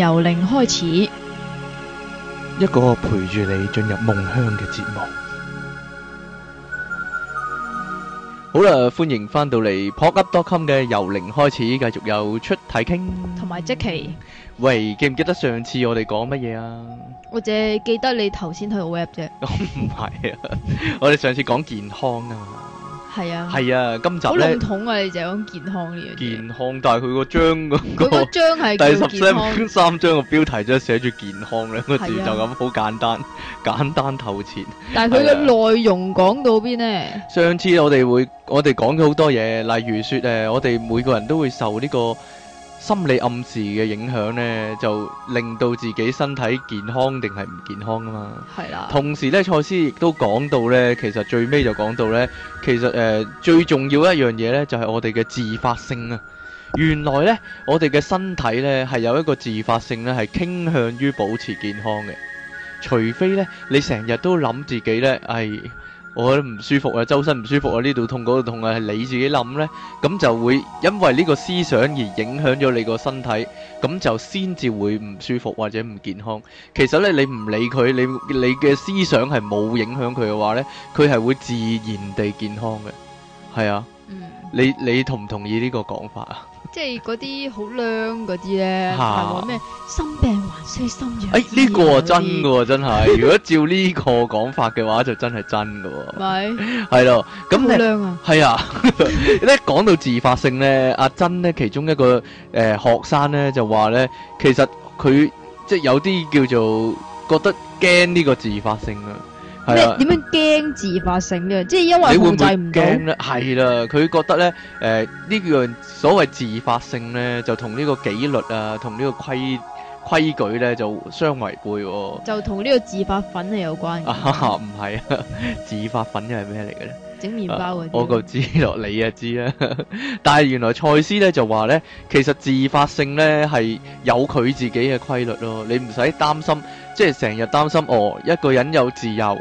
由零開始，一個陪住你進入夢鄉嘅節目。好啦，歡迎翻到嚟 popdotcom 嘅由零開始，繼續又出體傾，同埋即期。喂，記唔記得上次我哋講乜嘢啊？我淨係記得你頭先睇 web 啫。唔係啊，我哋上次講健康啊。係啊，係 啊，今集好籠統啊，你就講健康呢嘢。健康，但係佢個章個嗰個第十 133 三章嘅標題就寫住健康兩個啊、字就就咁好簡單，簡單透前。但係佢嘅內容，啊、講到邊呢？上次我哋會，我哋講咗好多嘢，例如說，誒，我哋每個人都會受呢、這個心理暗示嘅影響呢，就令到自己身體健康定係唔健康啊嘛。係啦。同時呢，賽斯亦都講到呢，其實最尾就講到呢，其實誒、呃、最重要一樣嘢呢，就係、是、我哋嘅自發性啊。原來呢，我哋嘅身體呢，係有一個自發性呢，係傾向於保持健康嘅，除非呢，你成日都諗自己呢，哎我覺得唔舒服啊，周身唔舒服啊，呢度痛嗰度痛啊，係你自己諗呢，咁就會因為呢個思想而影響咗你個身體，咁就先至會唔舒服或者唔健康。其實呢，你唔理佢，你你嘅思想係冇影響佢嘅話呢，佢係會自然地健康嘅。係啊，嗯、你你同唔同意呢個講法啊？即係嗰啲好靚嗰啲咧，係話咩心病還需心藥。哎，呢、這個真噶， 真係。如果照呢個講法嘅話，就真係真噶。咪係咯，咁靚啊，係啊。一講 到自發性咧，阿珍咧其中一個誒、呃、學生咧就話咧，其實佢即係有啲叫做覺得驚呢個自發性啊。咩？點樣驚自發性嘅？即係因為控制唔到。驚咧，係啦，佢覺得咧，誒、呃，呢樣所謂自發性咧，就同呢個紀律啊，同呢個規規矩咧，就相違背。就同呢個自發粉係有關嘅。啊，唔係啊，自發粉又係咩嚟嘅咧？整麵包啊！我就知咯，你啊知啦。但係原來賽斯咧就話咧，其實自發性咧係有佢自己嘅規律咯。你唔使擔心，即係成日擔心哦。一個人有自由，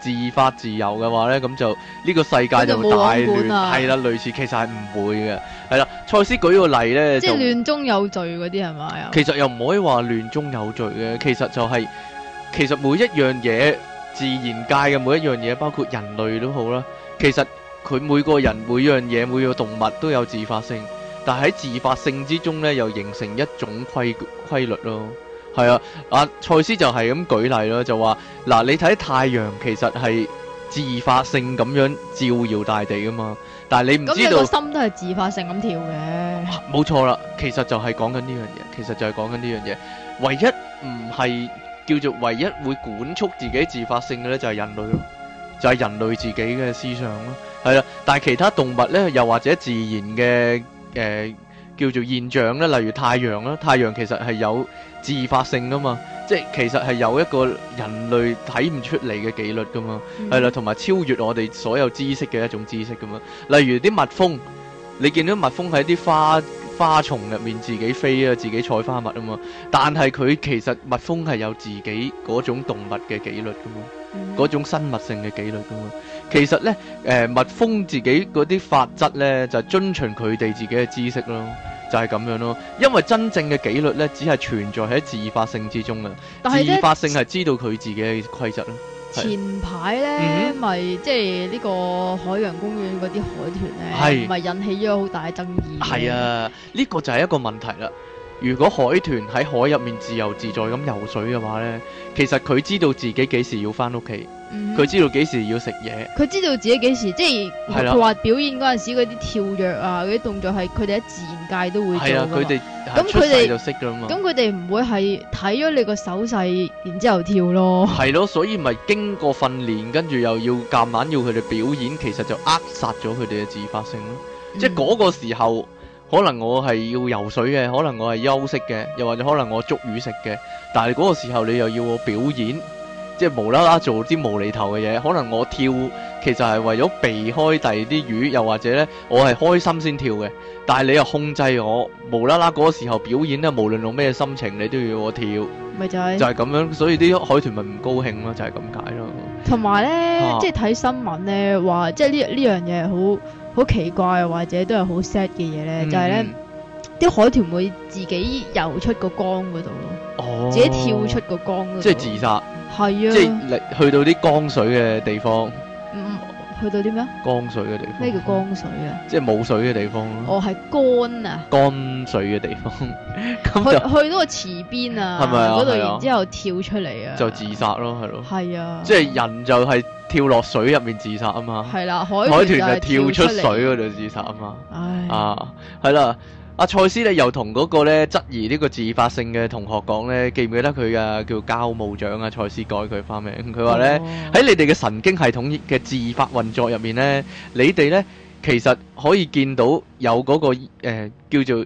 自發自由嘅話咧，咁就呢個世界就大亂係啦。類似其實係唔會嘅，係啦。賽斯舉個例咧，即係亂中有序嗰啲係咪？其實又唔可以話亂中有序嘅，其實就係其實每一樣嘢，自然界嘅每一樣嘢，包括人類都好啦。其實佢每個人、每樣嘢、每個動物都有自發性，但喺自發性之中咧，又形成一種規規律咯。係啊，阿賽斯就係咁舉例咯，就話嗱，你睇太陽其實係自發性咁樣照耀大地啊嘛，但係你唔知道個心都係自發性咁跳嘅，冇錯啦。其實就係講緊呢樣嘢，其實就係講緊呢樣嘢，唯一唔係叫做唯一會管束自己自發性嘅咧，就係人類咯，就係、是、人類自己嘅思想咯，係啦。但係其他動物咧，又或者自然嘅誒、呃、叫做現象咧，例如太陽啦，太陽其實係有自發性噶嘛，即係其實係有一個人類睇唔出嚟嘅紀律噶嘛，係、嗯、啦，同埋超越我哋所有知識嘅一種知識噶嘛。例如啲蜜蜂，你見到蜜蜂喺啲花花叢入面自己飛啊，自己採花蜜啊嘛。但係佢其實蜜蜂係有自己嗰種動物嘅紀律噶嘛，嗰、mm -hmm. 種生物性嘅紀律噶嘛。其實呢，誒、呃，蜜蜂自己嗰啲法則呢，就是、遵循佢哋自己嘅知識咯，就係、是、咁樣咯。因為真正嘅紀律呢，只係存在喺自發性之中噶。是自發性係知道佢自己嘅規則咯。前排呢，咪即係呢個海洋公園嗰啲海豚咧，咪引起咗好大嘅爭議。係啊，呢個就係一個問題啦。如果海豚喺海入面自由自在咁游水嘅話呢，其實佢知道自己幾時要翻屋企。佢、mm -hmm. 知道幾時要食嘢，佢知道自己幾時，即係佢話表演嗰陣時嗰啲跳躍啊嗰啲動作係佢哋喺自然界都會做嘅。係啊，佢哋咁佢哋就識噶嘛。咁佢哋唔會係睇咗你個手勢，然之後跳咯。係咯，所以咪經過訓練，跟住又要夾硬要佢哋表演，其實就扼殺咗佢哋嘅自發性咯。Mm -hmm. 即係嗰個時候，可能我係要游水嘅，可能我係休息嘅，又或者可能我捉魚食嘅，但係嗰個時候你又要我表演。即係無啦啦做啲無厘頭嘅嘢，可能我跳其實係為咗避開第二啲魚，又或者呢，我係開心先跳嘅。但係你又控制我無啦啦嗰個時候表演呢，無論用咩心情，你都要我跳，咪就係咁樣，嗯。所以啲海豚咪唔高興咯，就係咁解咯。同埋呢，啊、即係睇新聞呢，話即係呢呢樣嘢好好奇怪，或者都係好 sad 嘅嘢呢，就係、係、呢。嗯啲海豚會自己游出個江嗰度咯，oh, 自己跳出個江。即係自殺。係啊。即係嚟去到啲江水嘅地方。嗯，去到啲咩啊？江水嘅地方。咩叫江水啊？嗯、即係冇水嘅地方咯。哦，係乾啊。乾水嘅地方。咁 就去到個池邊啊，係咪？嗰度、啊啊、然之後跳出嚟啊。就自殺咯，係咯、啊。係啊。即係人就係跳落水入面自殺啊嘛。係啦、啊，海係海豚就係跳出水嗰度自殺啊嘛。唉。啊，係啦、啊。阿賽斯咧又同嗰個咧質疑呢個自發性嘅同學講咧，記唔記得佢噶叫教務長啊？賽斯改佢翻名，佢話咧喺你哋嘅神經系統嘅自發運作入面咧，你哋咧其實可以見到有嗰、那個、呃、叫做，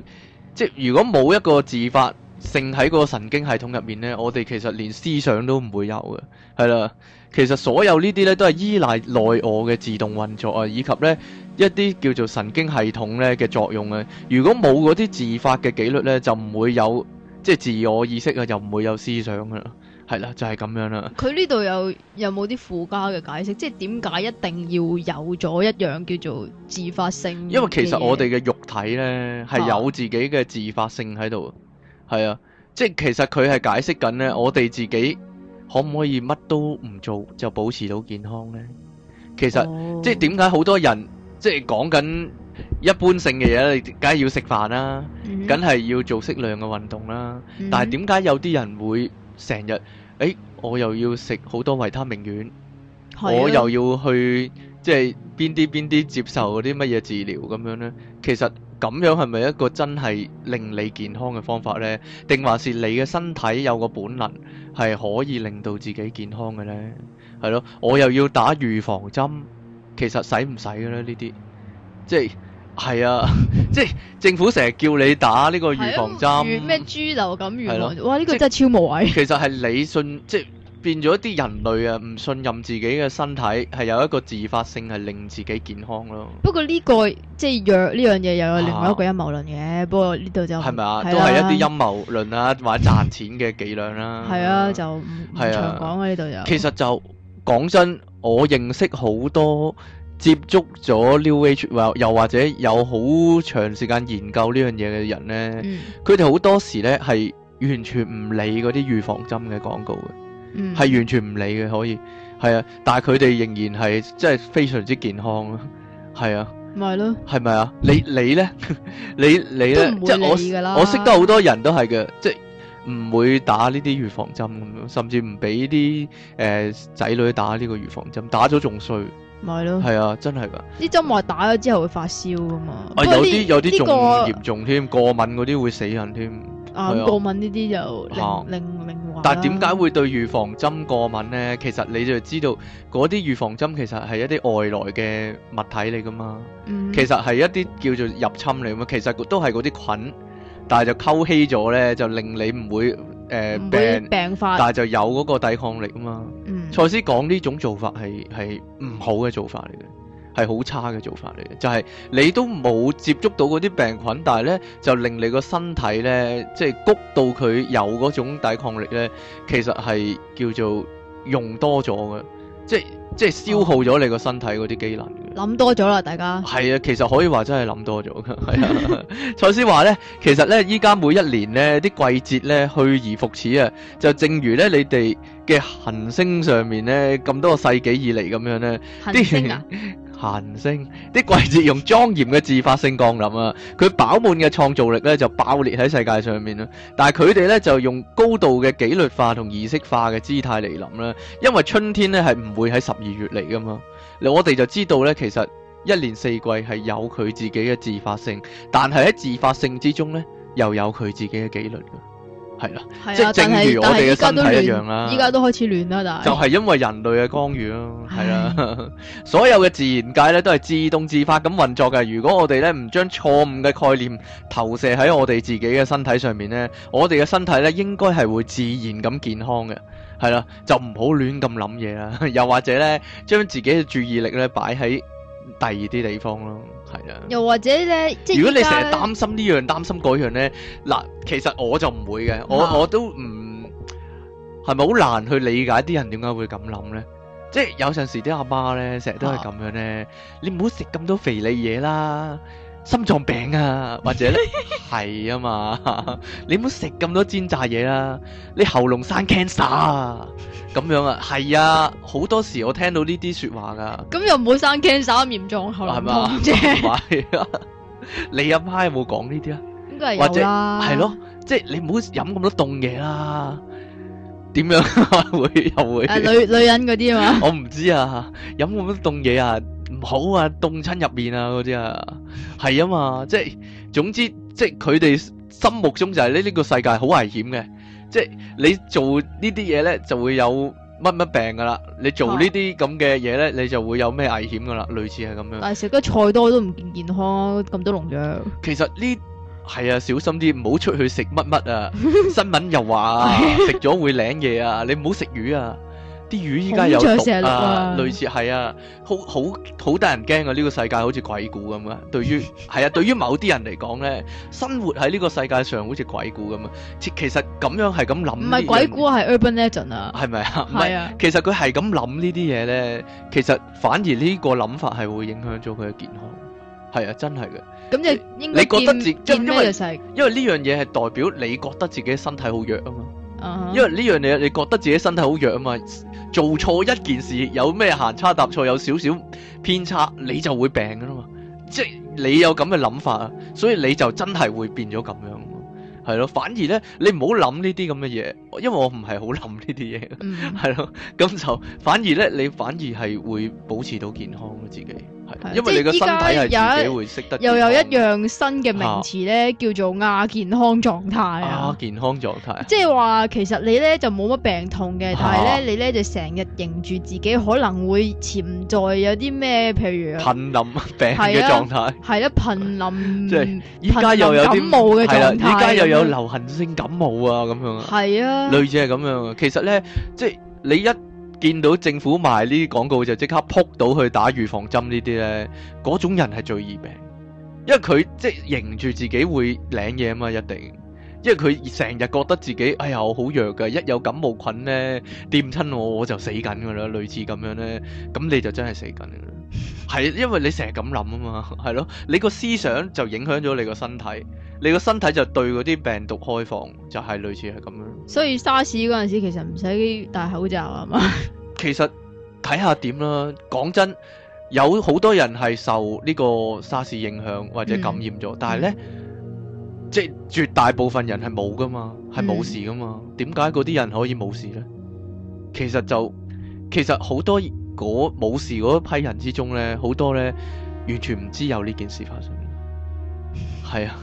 即係如果冇一個自發性喺個神經系統入面咧，我哋其實連思想都唔會有嘅，係啦。其實所有呢啲咧都係依賴內我嘅自動運作啊，以及呢一啲叫做神經系統咧嘅作用啊。如果冇嗰啲自發嘅紀律呢就唔會有即係、就是、自我意識啊，就唔會有思想噶啦。係啦，就係、是、咁樣啦。佢呢度有有冇啲附加嘅解釋？即係點解一定要有咗一樣叫做自發性？因為其實我哋嘅肉體呢係有自己嘅自發性喺度。係啊，即係其實佢係解釋緊呢我哋自己。可唔可以乜都唔做就保持到健康呢？其實即係點解好多人即係講緊一般性嘅嘢，你梗係要食飯啦，梗係要做適量嘅運動啦。但係點解有啲人會成日，誒，我又要食好多維他命丸，我又要去。即係邊啲邊啲接受嗰啲乜嘢治療咁樣呢？其實咁樣係咪一個真係令你健康嘅方法呢？定還是你嘅身體有個本能係可以令到自己健康嘅呢？係咯，我又要打預防針，其實使唔使嘅呢啲？係係 即係係啊！即係政府成日叫你打呢個預防針咩豬流感預防針？係哇！呢、呢個真係超無謂嘅係啊。無謂其實係理信 即變咗啲人類啊，唔信任自己嘅身體，係有一個自發性，係令自己健康咯。不過呢、這個即係藥呢樣嘢，就是這個、又有另外一個陰謀論嘅。不過呢度就係咪啊？都係一啲陰謀論啦， 或者賺錢嘅伎倆啦。係啊，就唔長講呢度又。其實就講真，我認識好多接觸咗 New Age 或又或者有好長時間研究呢樣嘢嘅人呢，佢哋好多時呢係完全唔理嗰啲預防針嘅廣告嘅。係、嗯、完全唔理嘅，可以，係啊，但係佢哋仍然係真係非常之健康的係啊。係啊，咪咯，係咪啊？你你咧，你呢 你咧，你呢啦，即係我我識得好多人都係嘅，即係唔會打呢啲預防針，甚至唔俾啲誒仔女打呢個預防針，打咗仲衰，咪咯，係啊，真係噶，啲針話打咗之後會發燒噶嘛，啊、有啲有啲仲嚴重添、這個，過敏嗰啲會死人添。啊！過敏呢啲就令令令壞啦，但係點解會對預防針過敏呢？其實你就知道嗰啲預防針其實係一啲外來嘅物體嚟噶嘛，嗯。其實係一啲叫做入侵嚟嘛。其實都係嗰啲菌，但係就溝稀咗呢，就令你唔會誒、呃、病，病但係就有嗰個抵抗力啊嘛。賽、嗯、斯講呢種做法係係唔好嘅做法嚟嘅。係好差嘅做法嚟嘅，就係、是、你都冇接觸到嗰啲病菌，但係咧就令你個身體咧，即係谷到佢有嗰種抵抗力咧，其實係叫做用多咗嘅，即係即係消耗咗你個身體嗰啲機能嘅。諗多咗啦，大家。係啊，其實可以話真係諗多咗嘅。啊， 賽斯話咧，其實咧依家每一年呢啲季節咧去而復始啊，就正如咧你哋嘅行星上面咧咁多個世紀以嚟咁樣咧。行星、啊 繁星啲季節用莊嚴嘅自發性降臨啊，佢飽滿嘅創造力咧就爆裂喺世界上面啦。但係佢哋咧就用高度嘅紀律化同儀式化嘅姿態嚟臨啦，因為春天咧係唔會喺十二月嚟噶嘛。我哋就知道咧，其實一年四季係有佢自己嘅自發性，但係喺自發性之中咧，又有佢自己嘅紀律嘅。係啦，即係正如我哋嘅身體一樣啦，依家都，都開始亂啦，但係就係、是、因為人類嘅光源咯。係啦，所有嘅自然界咧都係自動自發咁運作嘅。如果我哋咧唔將錯誤嘅概念投射喺我哋自己嘅身體上面咧，我哋嘅身體咧應該係會自然咁健康嘅。係啦，就唔好亂咁諗嘢啦，又或者咧將自己嘅注意力咧擺喺。第二啲地方咯，係啊。又或者咧，如果你成日擔心呢樣擔心嗰樣咧，嗱，其實我就唔會嘅、啊，我我都唔係咪好難去理解啲人點解會咁諗咧？即係有陣時啲阿媽咧，成日都係咁樣咧、啊，你唔好食咁多肥膩嘢啦。心臟病啊，或者係啊 嘛，你唔好食咁多煎炸嘢啦，你喉嚨生 cancer 啊，咁樣啊，係啊，好多時我聽到呢啲説話噶。咁又唔好生 cancer 咁嚴重，喉嚨痛啫。係啊， 你阿媽有冇講呢啲啊？應該係有啦。或者。係咯，即係你唔好飲咁多凍嘢啦。點樣會 又會？呃、女女人嗰啲啊嘛。我唔知啊，飲咁多凍嘢啊。唔好啊，凍親入面啊，嗰啲啊，係啊嘛，即係總之，即係佢哋心目中就係呢呢個世界好危險嘅，即係你做呢啲嘢咧就會有乜乜病噶啦，你做呢啲咁嘅嘢咧你就會有咩危險噶啦，類似係咁樣。但係食得菜多都唔健健康，咁多農藥。其實呢係啊，小心啲，唔好出去食乜乜啊！新聞又話食咗會領嘢啊，你唔好食魚啊！啲魚依家有毒啊！很啊類似係啊，好好好，得人驚啊！呢、呢個世界好似鬼故咁 啊。對於係啊，對於某啲人嚟講咧，生活喺呢個世界上好似鬼故咁啊，啊。其實咁樣係咁諗。唔係鬼故啊，係 urban legend 啊。係咪啊？唔係啊。其實佢係咁諗呢啲嘢咧，其實反而呢個諗法係會影響咗佢嘅健康。係啊，真係嘅。咁就應該你覺得自己因，因為因為呢樣嘢係代表你覺得自己嘅身體好弱啊嘛。 因為呢樣嘢，你覺得自己身體好弱啊嘛，做錯一件事，有咩行差踏錯，有少少偏差，你就會病噶啦嘛，即係你有咁嘅諗法，所以你就真係會變咗咁樣，係咯。反而呢，你唔好諗呢啲咁嘅嘢，因為我唔係好諗呢啲嘢，係咯，咁就反而呢，你反而係會保持到健康自己。係，因為你個身體係自己會識得，又有一樣新嘅名詞咧，叫做亞健康狀態啊！亞健康狀態，即係話其實你咧就冇乜病痛嘅，但係咧你咧就成日諗住自己可能會潛在有啲咩，譬如瀕臨病嘅狀態，係啦，瀕臨即係依家又有感冒嘅狀態，依家又有流行性感冒啊咁樣，係啊，類似係咁樣。其實咧，即係你一。見到政府賣呢啲廣告就即刻撲到去打預防針呢啲呢，嗰種人係最易病，因為佢即係認住自己會領嘢啊嘛，一定。因為佢成日覺得自己，哎呀我好弱嘅，一有感冒菌呢，掂親我我就死緊噶啦，類似咁樣呢，咁你就真係死緊噶啦。係，因為你成日咁諗啊嘛，係咯，你個思想就影響咗你個身體，你個身體就對嗰啲病毒開放，就係、是、類似係咁樣。所以沙士嗰陣時候其實唔使戴口罩啊嘛。 其實睇下點啦，講真，有好多人係受呢個沙士影響或者感染咗、嗯，但係呢。嗯即係絕大部分人係冇噶嘛，係冇事噶嘛。點解嗰啲人可以冇事呢？其實就其實好多嗰冇事嗰批人之中呢，好多呢，完全唔知有呢件事發生的。係 啊，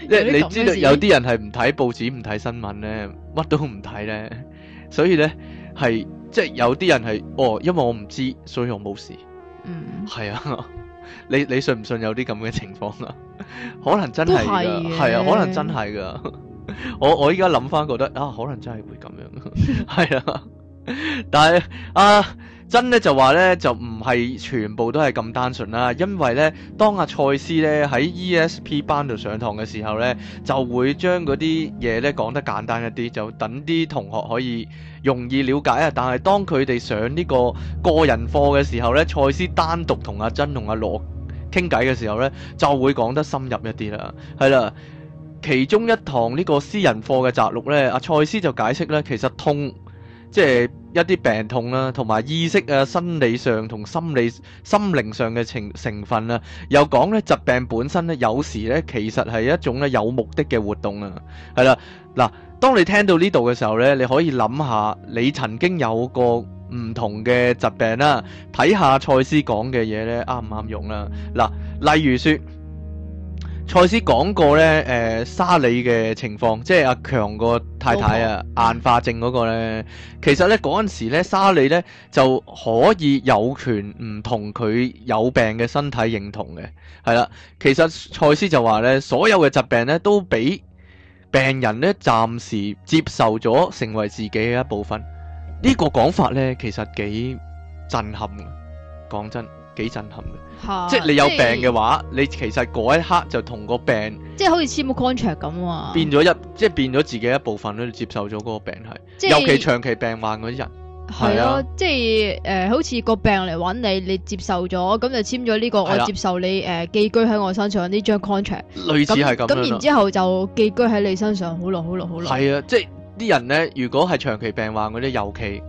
即係你知道有啲人係唔睇報紙，唔睇新聞呢，乜都唔睇呢。所以呢，係即係有啲人係哦，因為我唔知，所以我冇事。嗯，係啊。你你信唔信有啲咁嘅情況啊？可能真係噶，係啊，可能真係噶。我我依家諗翻覺得啊，可能、啊、真係會咁樣，係啦。但係阿珍咧就話咧就唔係全部都係咁單純啦，因為咧當阿賽斯咧喺 E S P 班度上堂嘅時候咧，就會將嗰啲嘢咧講得簡單一啲，就等啲同學可以。容易了解啊！但係當佢哋上呢個個人課嘅時候呢賽斯單獨同阿珍同阿羅傾偈嘅時候呢就會講得深入一啲啦。係啦，其中一堂呢個私人課嘅摘錄呢，阿賽斯就解釋呢，其實痛。即係一啲病痛啦，同埋意識啊、生理上同心理、心靈上嘅情成分啦。又講咧疾病本身咧，有時咧其實係一種咧有目的嘅活動啊。係啦，嗱，當你聽到呢度嘅時候咧，你可以諗下你曾經有過唔同嘅疾病啦，睇下賽斯講嘅嘢咧啱唔啱用啦。嗱，例如說。賽斯講過呢，誒、呃、沙里嘅情況，即係阿強個太太啊，硬、okay. 化症嗰個呢，其實呢，嗰陣時呢，沙里呢就可以有權唔同佢有病嘅身體認同嘅，係啦。其實賽斯就話呢，所有嘅疾病呢都俾病人呢暫時接受咗，成為自己嘅一部分。呢、這個講法呢，其實幾震撼的，講真的。幾震撼嘅，即係你有病嘅話，你其實嗰一刻就同個病，即係好似簽個 contract 咁啊，變咗一即係變咗自己一部分咧，接受咗嗰個病係，尤其長期病患嗰啲人係啊，啊，即係誒、呃，好似個病嚟搵你，你接受咗，咁就簽咗呢個是、啊，我接受你誒、呃、寄居喺我身上呢張 contract，類似係咁，咁然之後就寄居喺你身上好耐，好耐，好耐，係啊，即係啲人咧，如果係長期病患嗰啲，尤其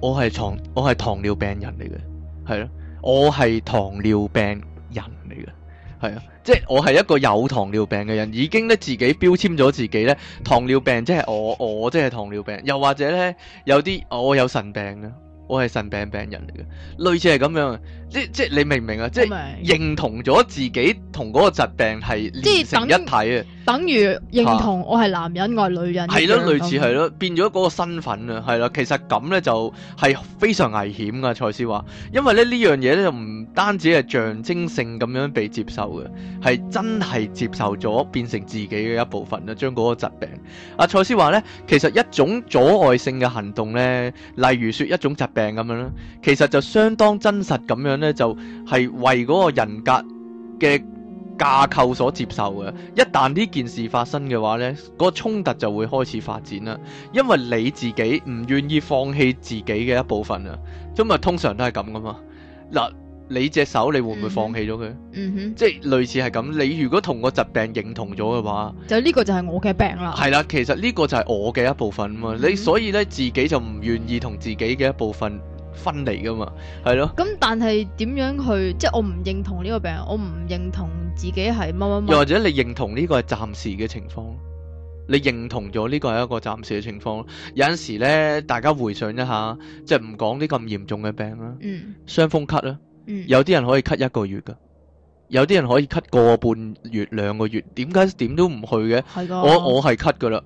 我係糖我係糖尿病人嚟嘅，係咯、啊。我係糖尿病人嚟嘅，係啊，即、即係、我係一個有糖尿病嘅人，已經咧自己標籤咗自己咧糖尿病，即係我，我即係糖尿病。又或者咧，有啲我有腎病嘅，我係腎病病人嚟嘅，類似係咁樣。即即你明唔明啊？即係認同咗自己同嗰個疾病係連成一體啊，等於認同我係男人，啊、我係女人。係咯，類似係咯，變咗嗰個身份啊，係啦，其實咁咧就係非常危險噶。賽斯話，因為咧呢樣嘢咧就唔單止係象徵性咁樣被接受嘅，係真係接受咗變成自己嘅一部分啊，將嗰個疾病，阿賽斯話咧，其實一種阻礙性嘅行動咧，例如說一種疾病咁樣啦，其實就相當真實咁樣。咧就係、是、為嗰個人格嘅架構所接受嘅，一旦呢件事發生嘅話呢嗰、那個衝突就會開始發展啦。因為你自己唔願意放棄自己嘅一部分啊，咁啊通常都係咁噶嘛。嗱，你隻手你會唔會放棄咗佢？嗯哼，即係類似係咁。你如果同個疾病認同咗嘅話，就呢個就係我嘅病啦。係啦，其實呢個就係我嘅一部分啊嘛。Mm-hmm. 你所以呢，自己就唔願意同自己嘅一部分。分離噶嘛，係咯。咁但係點樣去？即係我唔認同呢個病，我唔認同自己係乜乜乜。又或者你認同呢個係暫時嘅情況，你認同咗呢個係一個暫時嘅情況。有陣時呢，大家回想一下，即係唔講啲咁嚴重嘅病啦。嗯。傷風咳啦。嗯。有啲人可以咳一個月噶，有啲人可以咳個半月、兩個月。點解點都唔去嘅？係噶。我我係咳噶啦，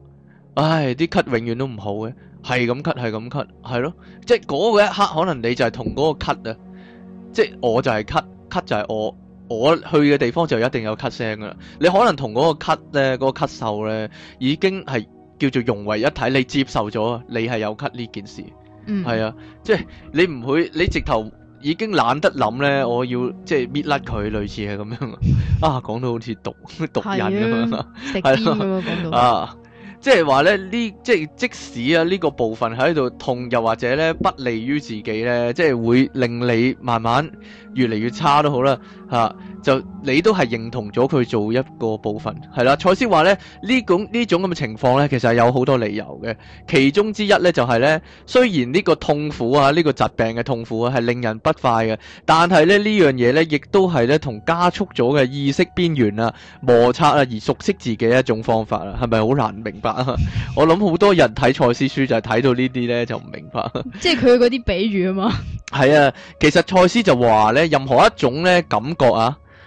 唉，啲咳永遠都唔好嘅。係咁咳，係咁咳，係咯，即係嗰個一刻，可能你就係同嗰個咳啊，即係我就係咳，咳就係我，我去嘅地方就一定有咳聲噶啦。你可能同嗰個咳咧，嗰、嗰個咳嗽咧，已經係叫做融為一體，你接受咗，你係有咳呢件事，係、嗯、啊，即係你唔會，你直頭已經懶得諗咧，我要即係搣甩佢，類似係咁樣啊 啊，講到好似毒 毒癮咁樣啊。 即係話咧，呢即係即使啊，呢個部分喺度痛，又或者咧不利於自己咧，即係會令你慢慢越嚟越差都好啦，吓。就你都係認同咗佢做一個部分，係啦。賽斯話咧，呢種呢種咁嘅情況咧，其實係有好多理由嘅。其中之一呢就係、是、呢：雖然呢個痛苦啊，呢、這個疾病嘅痛苦啊，係令人不快嘅，但係咧呢這樣嘢呢亦都係呢同加速咗嘅意識邊緣啊、摩擦啊而熟悉自己一種方法啊，係咪好難明白啊？ 我諗好多人睇賽斯書就係、是、睇到呢啲呢，就唔明白、啊。即係佢嗰啲比喻啊嘛。係 啊，其實賽斯就話呢，任何一種呢感覺啊。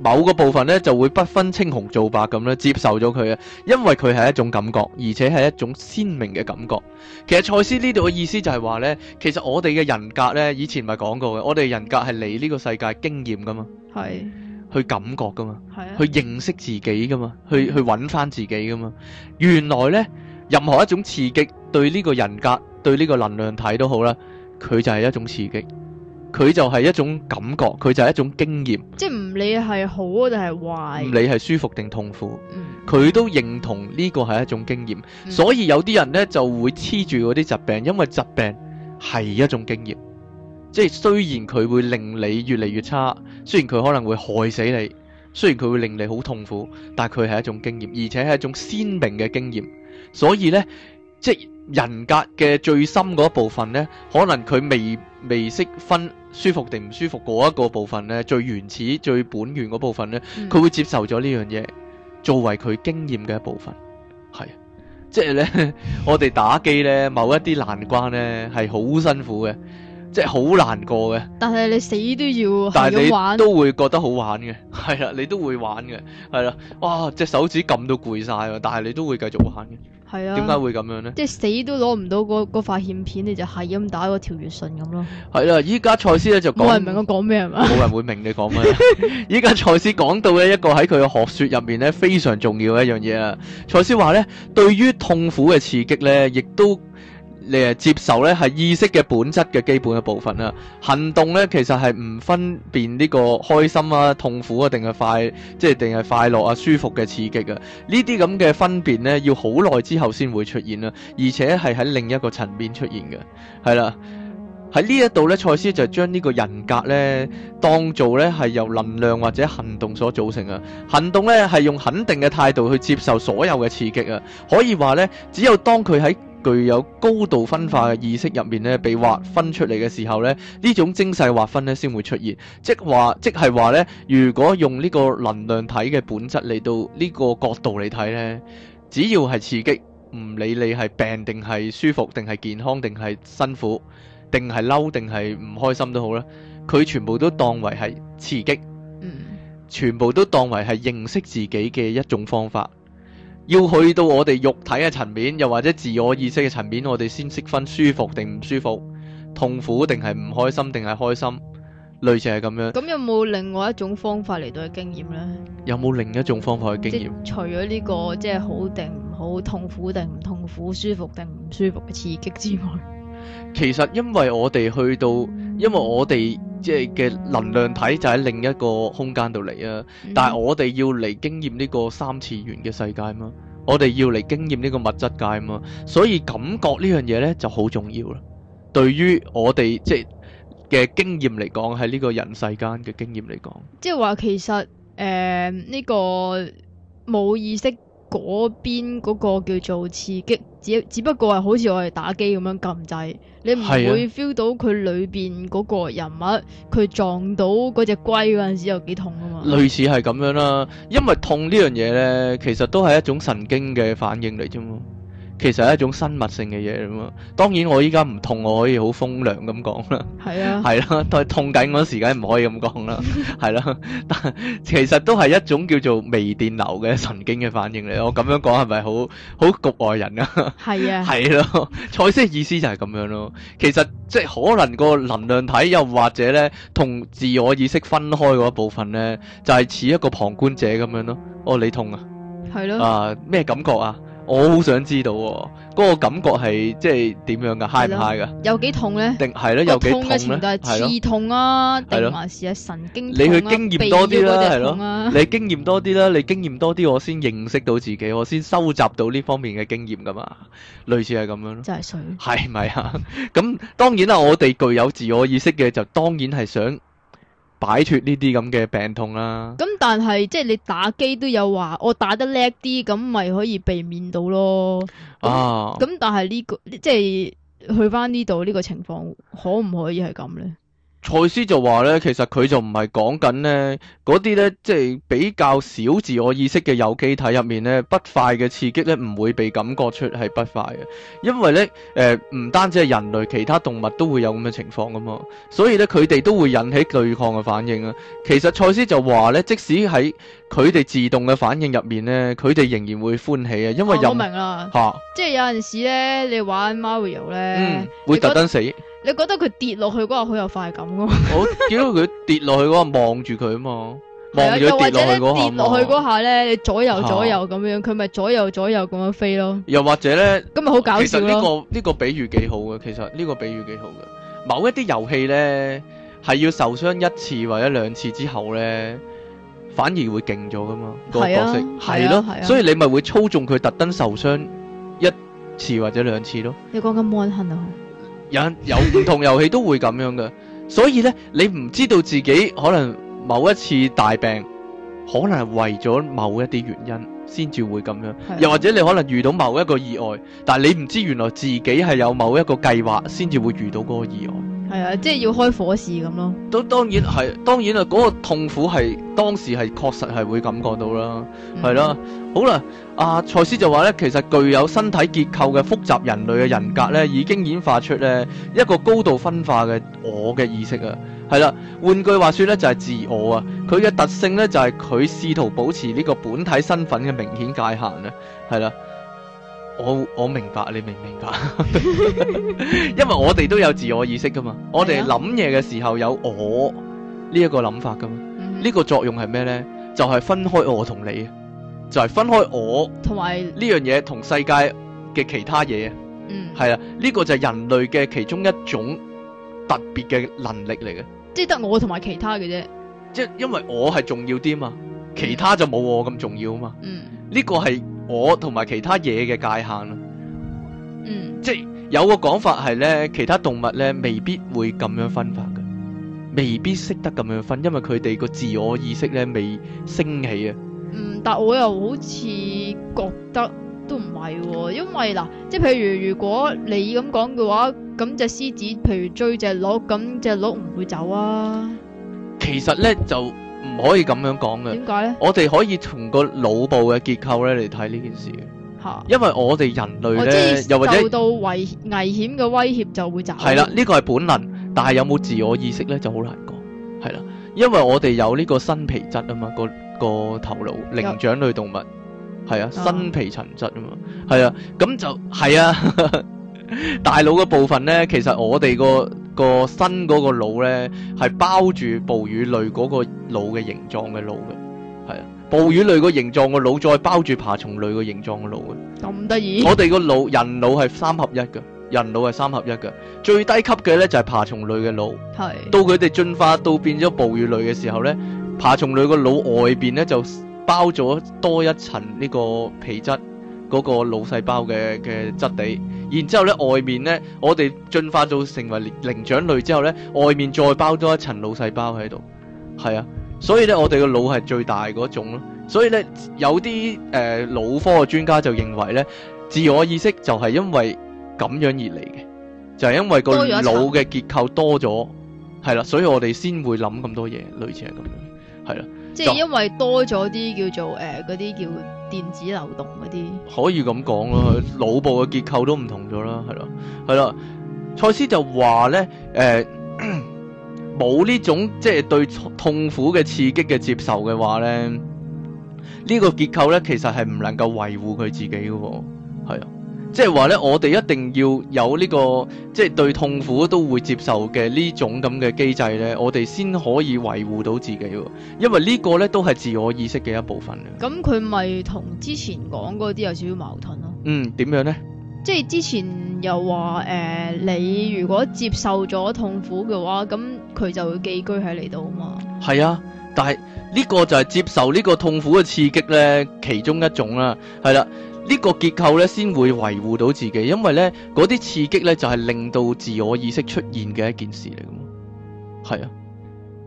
某個部分咧就會不分青紅皂白咁咧接受咗佢啊，因為佢係一種感覺，而且係一種鮮明嘅感覺。其實賽斯呢度嘅意思就係話呢，其實我哋嘅人格呢，以前咪講過嘅，我哋人格係嚟呢個世界經驗噶嘛，係去感覺噶嘛，係啊，去認識自己噶嘛，去去揾翻自己噶嘛。原來呢，任何一種刺激對呢個人格、對呢個能量體都好啦，佢就係一種刺激。佢就係一種感覺，佢就係一種經驗，即唔理係好定係壞，唔理係舒服定痛苦，佢、嗯、都認同呢個係一種經驗、嗯。所以有啲人呢就會黐住嗰啲疾病，因為疾病係一種經驗，即係雖然佢會令你越嚟越差，雖然佢可能會害死你，雖然佢會令你好痛苦，但佢係一種經驗，而且係一種鮮明嘅經驗。所以呢，即係人格嘅最深嗰一部分呢，可能佢未未識分。舒服定唔舒服嗰一個部分呢，最原始、最本源嗰部分呢，佢、嗯、會接受咗呢樣嘢，作為佢經驗嘅一部分。係，即係呢，我哋打機呢，某一啲難關呢，係好辛苦嘅，即係好難過嘅。但係你死都要，但係你都會覺得好玩嘅，係啦，你都會玩嘅，係啦，哇，隻手指撳到攰晒，但係你都會繼續玩嘅。係啊，點解會咁樣咧？即係死都攞唔到嗰塊欠片，你就係咁打個條約信咁咯。係啦、啊，依家賽斯咧就講冇人明我講咩係嘛？冇人會明你講咩。依家賽斯講到咧一個喺佢嘅學説入面咧非常重要嘅一樣嘢啊！賽斯話咧，對於痛苦嘅刺激咧，亦都，你係接受咧，係意識嘅本質嘅基本嘅部分啦。行動咧，其實係唔分辨呢個開心啊、痛苦啊，定係快即係定係快樂啊、舒服嘅刺激嘅、啊。這些這呢啲咁嘅分辨咧，要好耐之後先會出現啦、啊，而且係喺另一個層面出現嘅。係啦，喺呢一度咧，賽斯就將呢個人格咧當做咧係由能量或者行動所組成啊。行動咧係用肯定嘅態度去接受所有嘅刺激啊。可以話咧，只有當佢喺具有高度分化嘅意識入面咧，被劃分出嚟嘅時候咧，呢種精細劃分咧先會出現。即話即係話咧，如果用呢個能量體嘅本質嚟到呢個角度嚟睇呢，只要係刺激，唔理你係病定係舒服定係健康定係辛苦定係嬲定係唔開心都好啦，佢全部都當為係刺激，全部都當為係認識自己嘅一種方法。要去到我哋肉體嘅層面，又或者自我意識嘅層面，我哋先識分舒服定唔舒服，痛苦定係唔開心定係開心，類似係咁樣。咁有冇另外一種方法嚟到去經驗咧？有冇另一種方法去經驗？除咗呢個即係好定唔好，痛苦定唔痛苦，舒服定唔舒服嘅刺激之外，其實因為我哋去到，因為我哋。即係嘅能量體就喺另一個空間度嚟啊！嗯、但係我哋要嚟經驗呢個三次元嘅世界嘛，我哋要嚟經驗呢個物質界嘛，所以感覺這件事呢樣嘢咧就好重要啦。對於我哋即係嘅經驗嚟講，喺呢個人世間嘅經驗嚟講，即係話其實誒呢、呃呢個冇意識。嗰邊嗰個叫做刺激，只只不過係好似我哋打機咁樣撳掣，你唔會 feel 到佢裏面嗰個人物佢、啊、撞到嗰隻龜嗰陣時有幾痛啊嘛？類似係咁樣啦、啊，因為痛呢樣嘢咧，其實都係一種神經嘅反應嚟啫嘛。其實係一種生物性嘅嘢咁啊！當然我依家唔痛，我可以好風涼咁講啦。係啊，係啦，但係痛緊嗰時間唔可以咁講啦。係啦，但其實都係一種叫做微電流嘅神經嘅反應嚟。我咁樣講係咪好好局外人啊？係啊，係咯。賽斯意思就係咁樣咯。其實即係可能個能量體又或者咧，同自我意識分開嗰一部分咧，就係似一個旁觀者咁樣咯。哦，你痛啊？係咯。啊，咩感覺啊？我好想知道喎，嗰個感覺係即係點樣噶？high 唔 high 噶？有幾痛咧？定係咯？有幾痛咧？係咯。刺痛啊，定還是係神經？你去經驗多啲啦，係咯。你經驗多啲啦，你經驗多啲，我先認識到自己，我先收集到呢方面嘅經驗噶嘛。類似係咁樣咯。真係水。係咪啊？咁當然啦，我哋具有自我意識嘅，就當然係想。擺脫呢啲咁嘅病痛啦。咁、嗯、但係即係你打機都有話，我打得叻啲，咁咪可以避免到咯。啊，咁、嗯嗯、但係呢、呢個即係去翻呢度呢個情況，可唔可以係咁咧？賽斯就話咧，其實佢就唔係講緊呢嗰啲呢，即係、就是、比較少自我意識嘅有機體入面呢，不快嘅刺激呢唔會被感覺出係不快嘅，因為呢誒唔、呃、單止係人類，其他動物都會有咁嘅情況噶嘛，所以呢，佢哋都會引起對抗嘅反應啊。其實賽斯就話呢，即使喺佢哋自動嘅反應入面呢，佢哋仍然會歡喜啊，因為有明啊吓，即係有陣時呢你玩 Mario 呢、嗯、會特登死。你覺得佢跌落去嗰下好有快感噶嘛？我見到佢跌落去嗰下，望住佢啊嘛，望住佢跌落去嗰下。跌落去嗰下咧，你左右左右咁樣，佢咪左右左右咁樣飛咯。又或者咧，咁咪好搞笑咯！其實呢個呢個比喻幾好嘅，其實呢個比喻幾好嘅。某一啲遊戲咧係要受傷一次或者兩次之後咧，反而會勁咗噶嘛。個角色係咯，所以你咪會操縱佢特登受傷一次或者兩次咯。你講緊 mon 行啊？有有唔同遊戲都會咁樣嘅， 所以呢，你唔知道自己可能某一次大病，可能係為咗某一啲原因先至會咁樣，又或者你可能遇到某一個意外，但你唔知原來自己係有某一個計劃先至會遇到嗰個意外。係啊，即係要開火試咁咯。都當然係，當然啦，嗰、那個痛苦係當時係確實係會感覺到啦，係、嗯、啦。好啦，阿、啊、賽斯就話呢，其實具有身體結構嘅複雜人類嘅人格呢，已經演化出呢一個高度分化嘅我嘅意識啊。係啦，換句話說呢，就係、是、自我啊。佢嘅特性呢，就係佢試圖保持呢個本體身份嘅明顯界限咧。係啦。我我明白，你明唔明白？ 因為我哋都有自我意識噶嘛，啊、我哋諗嘢嘅時候有我呢一個諗法噶嘛，呢、嗯呢個作用係咩呢？就係、是、分開我同你，就係、是、分開我同埋呢樣嘢同世界嘅其他嘢。嗯，係啊，呢、呢個就係人類嘅其中一種特別嘅能力嚟嘅。即係得我同埋其他嘅啫。即係因為我係重要啲嘛，其他就冇我咁重要啊嘛。嗯，呢、呢個係。我同埋其他嘢嘅界限咯，嗯，嗯，即係有一個講法係咧，其他動物咧未必會咁樣分法嘅，未必識得咁樣分，因為佢哋個自我意識咧未升起啊。嗯，但我又好似覺得都唔係喎，因為嗱，即係譬如如果你咁講嘅話，咁隻獅子，譬如追隻鹿，咁隻鹿唔會走啊。其實咧就。可以咁樣講嘅，點解咧？我哋可以從個腦部嘅結構咧嚟睇呢件事，吓，因為我哋人類咧，又或者受到危危險嘅威脅就會走。係啦，呢個係本能，但係有冇自我意識咧就好難講，係啦，因為我哋有呢個新皮質啊嘛，個個頭腦靈長類動物係啊，新皮層質啊嘛，係啊，咁就係啊， 大腦嘅部分咧，其實我哋個。新的個新嗰個腦呢，係包住哺乳類嗰個腦嘅形狀嘅腦嘅，係啊，哺乳類個形狀嘅腦再包住爬蟲類個形狀嘅腦嘅，咁得意。我哋個腦，人腦係三合一㗎，人腦係三合一㗎，最低級嘅呢，就係、是、爬蟲類嘅腦，係到佢哋進化到變咗哺乳類嘅時候呢，爬蟲類個腦外邊呢，就包咗多一層呢個皮質，嗰、那個腦細胞嘅嘅質地。然之後咧，外面咧，我哋進化到成為靈長類之後咧，外面再包多一層腦細胞喺度，係啊，所以咧，我哋嘅腦係最大嗰種咯。所以咧，有啲誒腦科嘅專家就認為咧，自我意識就係因為咁樣而嚟嘅，就係、是、因為個腦嘅結構多咗，係啦、啊，所以我哋先會諗咁多嘢，類似係咁樣，係啦、啊。即係因為多咗啲叫做誒啲、呃、叫電子流動嗰啲，可以咁講咯，腦部嘅結構都唔同咗啦，係咯，係咯。賽斯就話咧，誒、呃，冇呢種即係對痛苦嘅刺激嘅接受嘅話咧，呢、呢個結構咧其實係唔能夠維護佢自己嘅，係啊。即係話咧，我哋一定要有呢個，即係對痛苦都會接受嘅呢種咁嘅機制咧，我哋先可以維護到自己。因為呢個咧都係自我意識嘅一部分。咁佢咪同之前講嗰啲有少少矛盾咯？嗯，點樣呢？即係之前又話誒，你如果接受咗痛苦嘅話，咁佢就會寄居喺你度啊嘛。係啊，但係呢個就係接受呢個痛苦嘅刺激咧，其中一種啦，係啦。呢、個結構咧，先會維護到自己，因為呢嗰啲刺激呢，就係令到自我意識出現嘅一件事嚟嘅，係啊，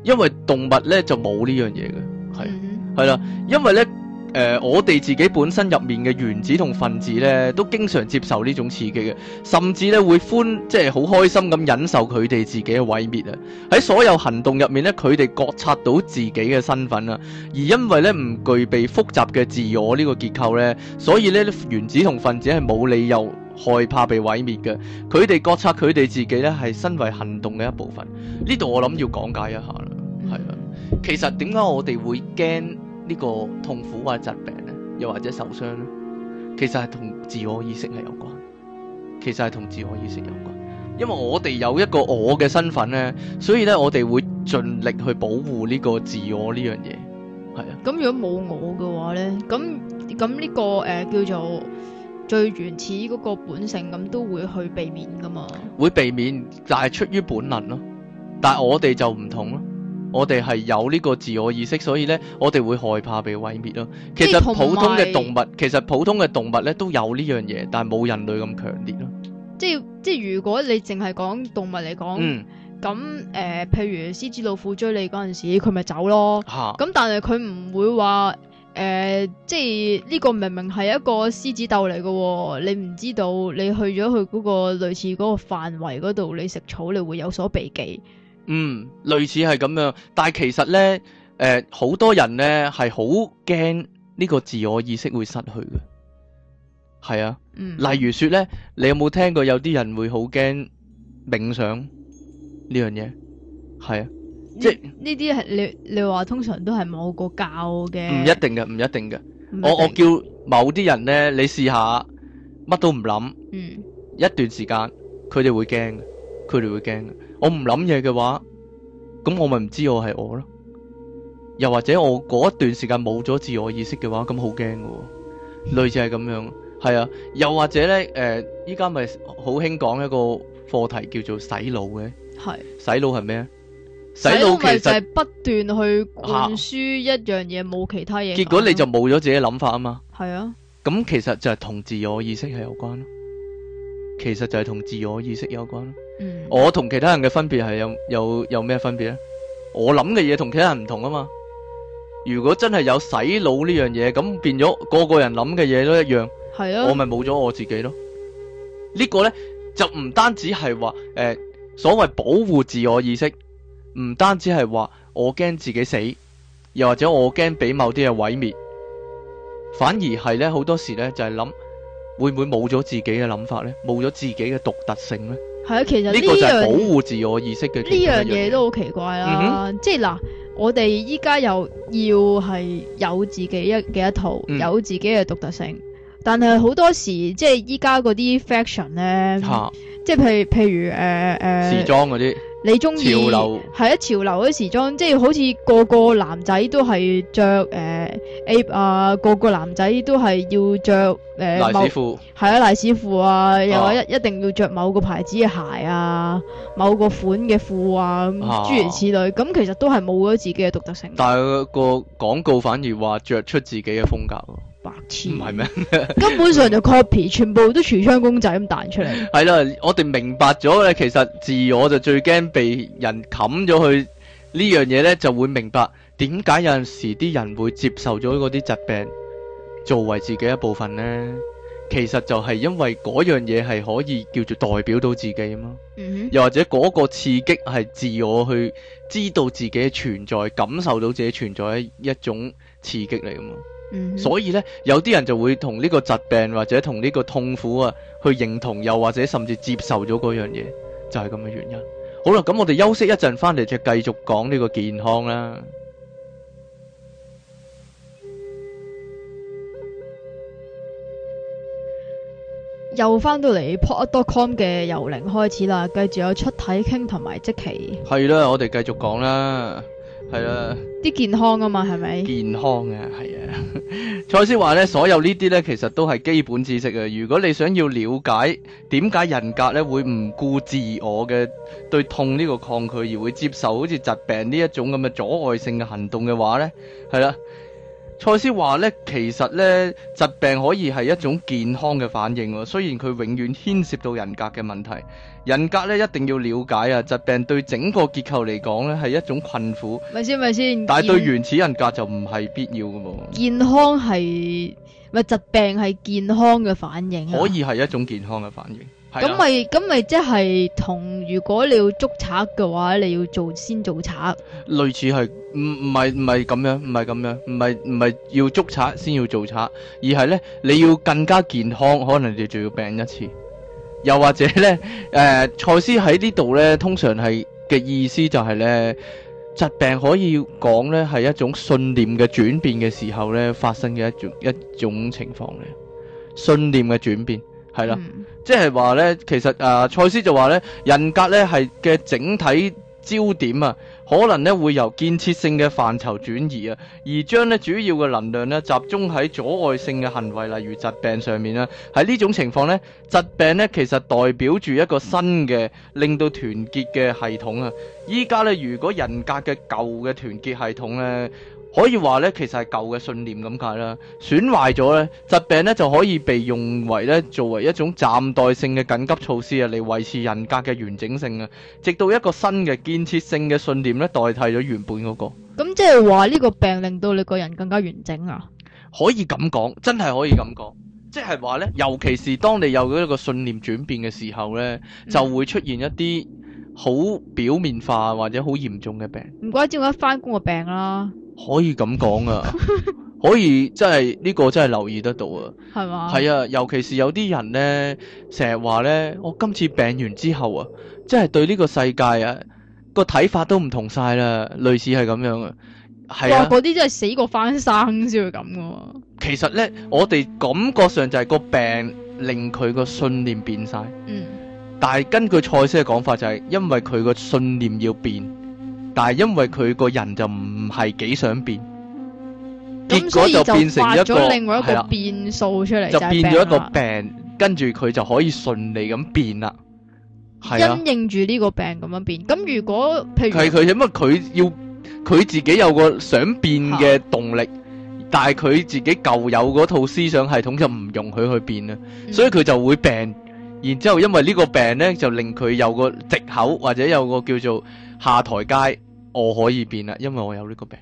因為動物呢，就冇呢樣嘢嘅，係係啦，因為呢。誒、呃，我哋自己本身入面嘅原子同分子呢，都經常接受呢種刺激嘅，甚至呢會歡即係好開心咁忍受佢哋自己嘅毀滅啊！喺所有行動入面呢，佢哋覺察到自己嘅身份啊，而因為呢唔具備複雜嘅自我呢個結構呢，所以呢原子同分子係冇理由害怕被毀滅嘅。佢哋覺察佢哋自己呢係身為行動嘅一部分。呢度我諗要講解一下啦，係、嗯、啊，其實點解我哋會驚？呢、這個痛苦或者疾病咧，又或者受傷咧，其實係同自我意識係有關，其實係同自我意識有關，因為我哋有一個我嘅身份咧，所以咧我哋會盡力去保護呢個自我呢樣嘢，係啊。咁如果冇我嘅話咧，咁咁呢個誒、呃、叫做最原始嗰個本性，咁都會去避免㗎嘛。會避免，但係出於本能咯。但係我哋就唔同咯。 我哋係有呢個自我意識，所以咧，我哋會害怕被毀滅咯。其實普通嘅動物，其實普通嘅動物咧都有呢樣嘢，但係冇人類咁強烈咯。即係即係，如果你淨係講動物嚟講，咁、嗯、誒、呃，譬如獅子老虎追你嗰陣時，佢咪走咯。咁、啊、但係佢唔會話誒、呃，即係呢個明明係一個獅子鬥嚟嘅、哦，你唔知道你去咗佢嗰個類似嗰個範圍嗰度，你食草，你會有所避忌。嗯，類似係咁樣，但係其實咧，誒、呃，好多人咧係好驚呢個自我意識會失去嘅，係啊、嗯，例如說咧，你有冇聽過有啲人會好驚冥想呢樣嘢？係啊，即係呢啲係你你話通常都係冇個教嘅，唔一定嘅，唔一定嘅，我我叫某啲人咧，你試下乜都唔諗、嗯，一段時間佢哋會驚嘅，佢哋會驚嘅。我唔諗嘢嘅話，咁我咪唔知我係我咯。又或者我嗰一段時間冇咗自我意識嘅話，咁好驚喎，類似係咁樣，係 啊。又或者呢，誒、呃，依家咪好興講一個課題叫做洗腦嘅。係。洗腦係咩？洗腦其實就係不斷去灌輸一樣嘢，冇、啊、其他嘢。結果你就冇咗自己諗法啊嘛。係啊。咁其實就係同自我意識係有關咯。其實就係同自我意識有關咯。我同其他人嘅分別係有有有咩分別呢？我諗嘅嘢，同其他人唔同啊嘛。如果真係有洗腦呢樣嘢，咁變咗個個人諗嘅嘢都一樣，啊、我咪冇咗我自己咯。呢、呢個呢，就唔單止係話誒，所謂保護自我意識，唔單止係話我驚自己死，又或者我驚俾某啲嘢毀滅，反而係呢，好多時呢，就係、是、諗會唔會冇咗自己嘅諗法呢？冇咗自己嘅獨特性呢？係啊，其實呢個就係保護自我意識嘅呢樣嘢都好奇怪啦。即係嗱，我哋依家又要係有自己一嘅一套，嗯，有自己嘅獨特性。但係好多時即係依家嗰啲 fashion 咧，即係，啊、譬，譬如譬如誒誒時裝嗰啲。你中意潮流，係啊，潮流嘅啲時裝，即係好似個個男仔都係着，誒、呃、a 啊，個個男仔都係要着，著、呃、誒，係啊，賴屎褲啊，啊，又一一定要着某個牌子嘅鞋啊，某個款嘅褲啊，啊，諸如此類，咁其實都係冇咗自己嘅獨特性。但係個廣告反而話着出自己嘅風格。白痴，唔係咩？ 根本上就 copy、嗯、全部都櫥窗公仔咁彈出嚟。係啦，我哋明白咗咧，其實自我就最驚被人冚咗去呢樣嘢呢，就會明白點解有陣時啲人會接受咗嗰啲疾病作為自己一部分呢。其實就係因為嗰樣嘢係可以叫做代表到自己啊嘛、嗯哼。又或者嗰個刺激係自我去知道自己嘅存在，感受到自己存在嘅一種刺激嚟啊嘛。嗯、所以咧，有啲人就會同呢個疾病或者同呢個痛苦啊，去認同又或者甚至接受咗嗰樣嘢，就係咁嘅原因。好啦，咁我哋休息一陣，翻嚟就繼續講呢個健康啦。又翻到嚟 pod.com 嘅由零開始啦，繼續有出體傾同埋即期。係啦，我哋繼續講啦。係啦、啊，啲、嗯、健康啊嘛，係咪？健康嘅係啊，賽斯話咧，所有呢啲呢，其實都係基本知識啊。如果你想要了解點解人格呢會唔顧自我嘅對痛呢個抗拒，而會接受好似疾病呢一種咁嘅阻礙性嘅行動嘅話呢，係啦、啊，賽斯話呢，其實呢，疾病可以係一種健康嘅反應，雖然佢永遠牽涉到人格嘅問題。人格咧一定要了解啊！疾病對整個結構嚟講咧係一種困苦，咪先？咪先？但係對原始人格就唔係必要嘅。健康係咪疾病係健康嘅反應，啊，可以係一種健康嘅反應。咁咪咁咪即係同如果你要捉賊嘅話，你要做先做賊。類似係唔唔係唔係咁樣？唔係咁樣？唔係唔係要捉賊先要做賊？而係咧你要更加健康，可能你就要病一次。又或者咧，誒、呃、賽斯喺呢度咧，通常係嘅意思就係咧，疾病可以講咧係一種信念嘅轉變嘅時候咧發生嘅一種一種情況咧。信念嘅轉變係啦，即係話咧，其實啊，呃、賽斯就話咧，人格咧係嘅整體焦點啊。可能咧會由建設性嘅範疇轉移啊，而將咧主要嘅能量咧集中喺阻礙性嘅行為，例如疾病上面啦。喺呢種情況咧，疾病咧其實代表住一個新嘅令到團結嘅系統啊。依家咧，如果人格嘅舊嘅團結系統咧，可以話呢，其實係舊嘅信念咁解啦，損壞咗呢，疾病呢，就可以被用為呢，作為一種暫代性嘅緊急措施啊，嚟維持人格嘅完整性啊，直到一個新嘅建設性嘅信念呢，代替咗原本嗰個。咁即係話呢個病令到你個人更加完整啊？可以咁講，真係可以咁講，即係話呢，尤其是當你有咗一個信念轉變嘅時候呢，就會出現一啲好表面化或者好嚴重嘅病。唔怪之，我一翻工就病啦。可以咁講啊， 可以真係呢，這個真係留意得到啊，係嘛？係啊，尤其是有啲人呢，成日話呢，我今次病完之後啊，真係對呢個世界啊個睇法都唔同晒啦，類似係咁樣，啊、樣啊，係啊，嗰啲真係死過翻生先會咁噶。其實呢，我哋感覺上就係個病令佢個信念變晒，嗯，但係根據賽斯嘅講法，就係因為佢個信念要變。但係因為佢個人就唔係幾想變，結果就變成一個係啦，另外變數出嚟，就變咗一個病，跟住佢就可以順利咁變啦。係啊，因應住呢個病咁樣變。咁、啊、如果譬如係佢，因為佢要佢自己有個想變嘅動力，啊、但係佢自己舊有嗰套思想系統就唔容許去變啦，嗯、所以佢就會病。然之後因為呢個病咧，就令佢有個借口或者有個叫做。下台階，我可以變啦，因為我有呢個病。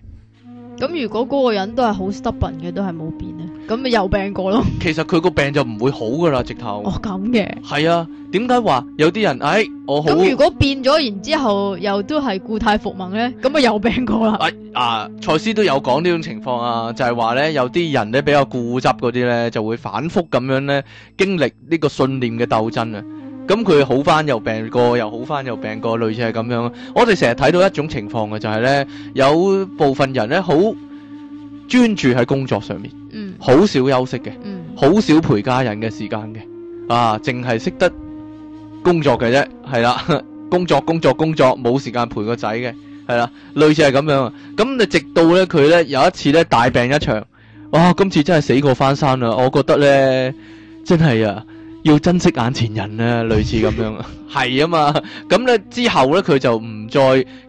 咁如果嗰個人都係好 stubborn 嘅，都係冇變咧，咁咪又病過咯。 其實佢個病就唔會好噶啦，直頭。哦，咁嘅。係啊，點解話有啲人，哎，我好。咁如果變咗，然之後又都係故態復萌咧，咁咪又病過啦。喂、哎，啊，賽斯都有講呢種情況啊，就係話咧，有啲人咧比較固執嗰啲咧，就會反復咁樣咧經歷呢個信念嘅鬥爭啊。咁佢好翻又病過，又好翻又病過，類似係咁樣。我哋成日睇到一種情況嘅，就係呢，有部分人呢好專注喺工作上面，嗯，好少休息嘅，嗯，好少陪家人嘅時間嘅，啊，淨係識得工作嘅啫，係啦，工作工作工作，冇時間陪個仔嘅，係啦，類似係咁樣。咁你直到呢，佢呢有一次呢大病一場，哇，今次真係死過翻生啦！我覺得呢真係啊。要珍惜眼前人咧，類似咁樣。係 啊嘛，咁咧之後咧，佢就唔再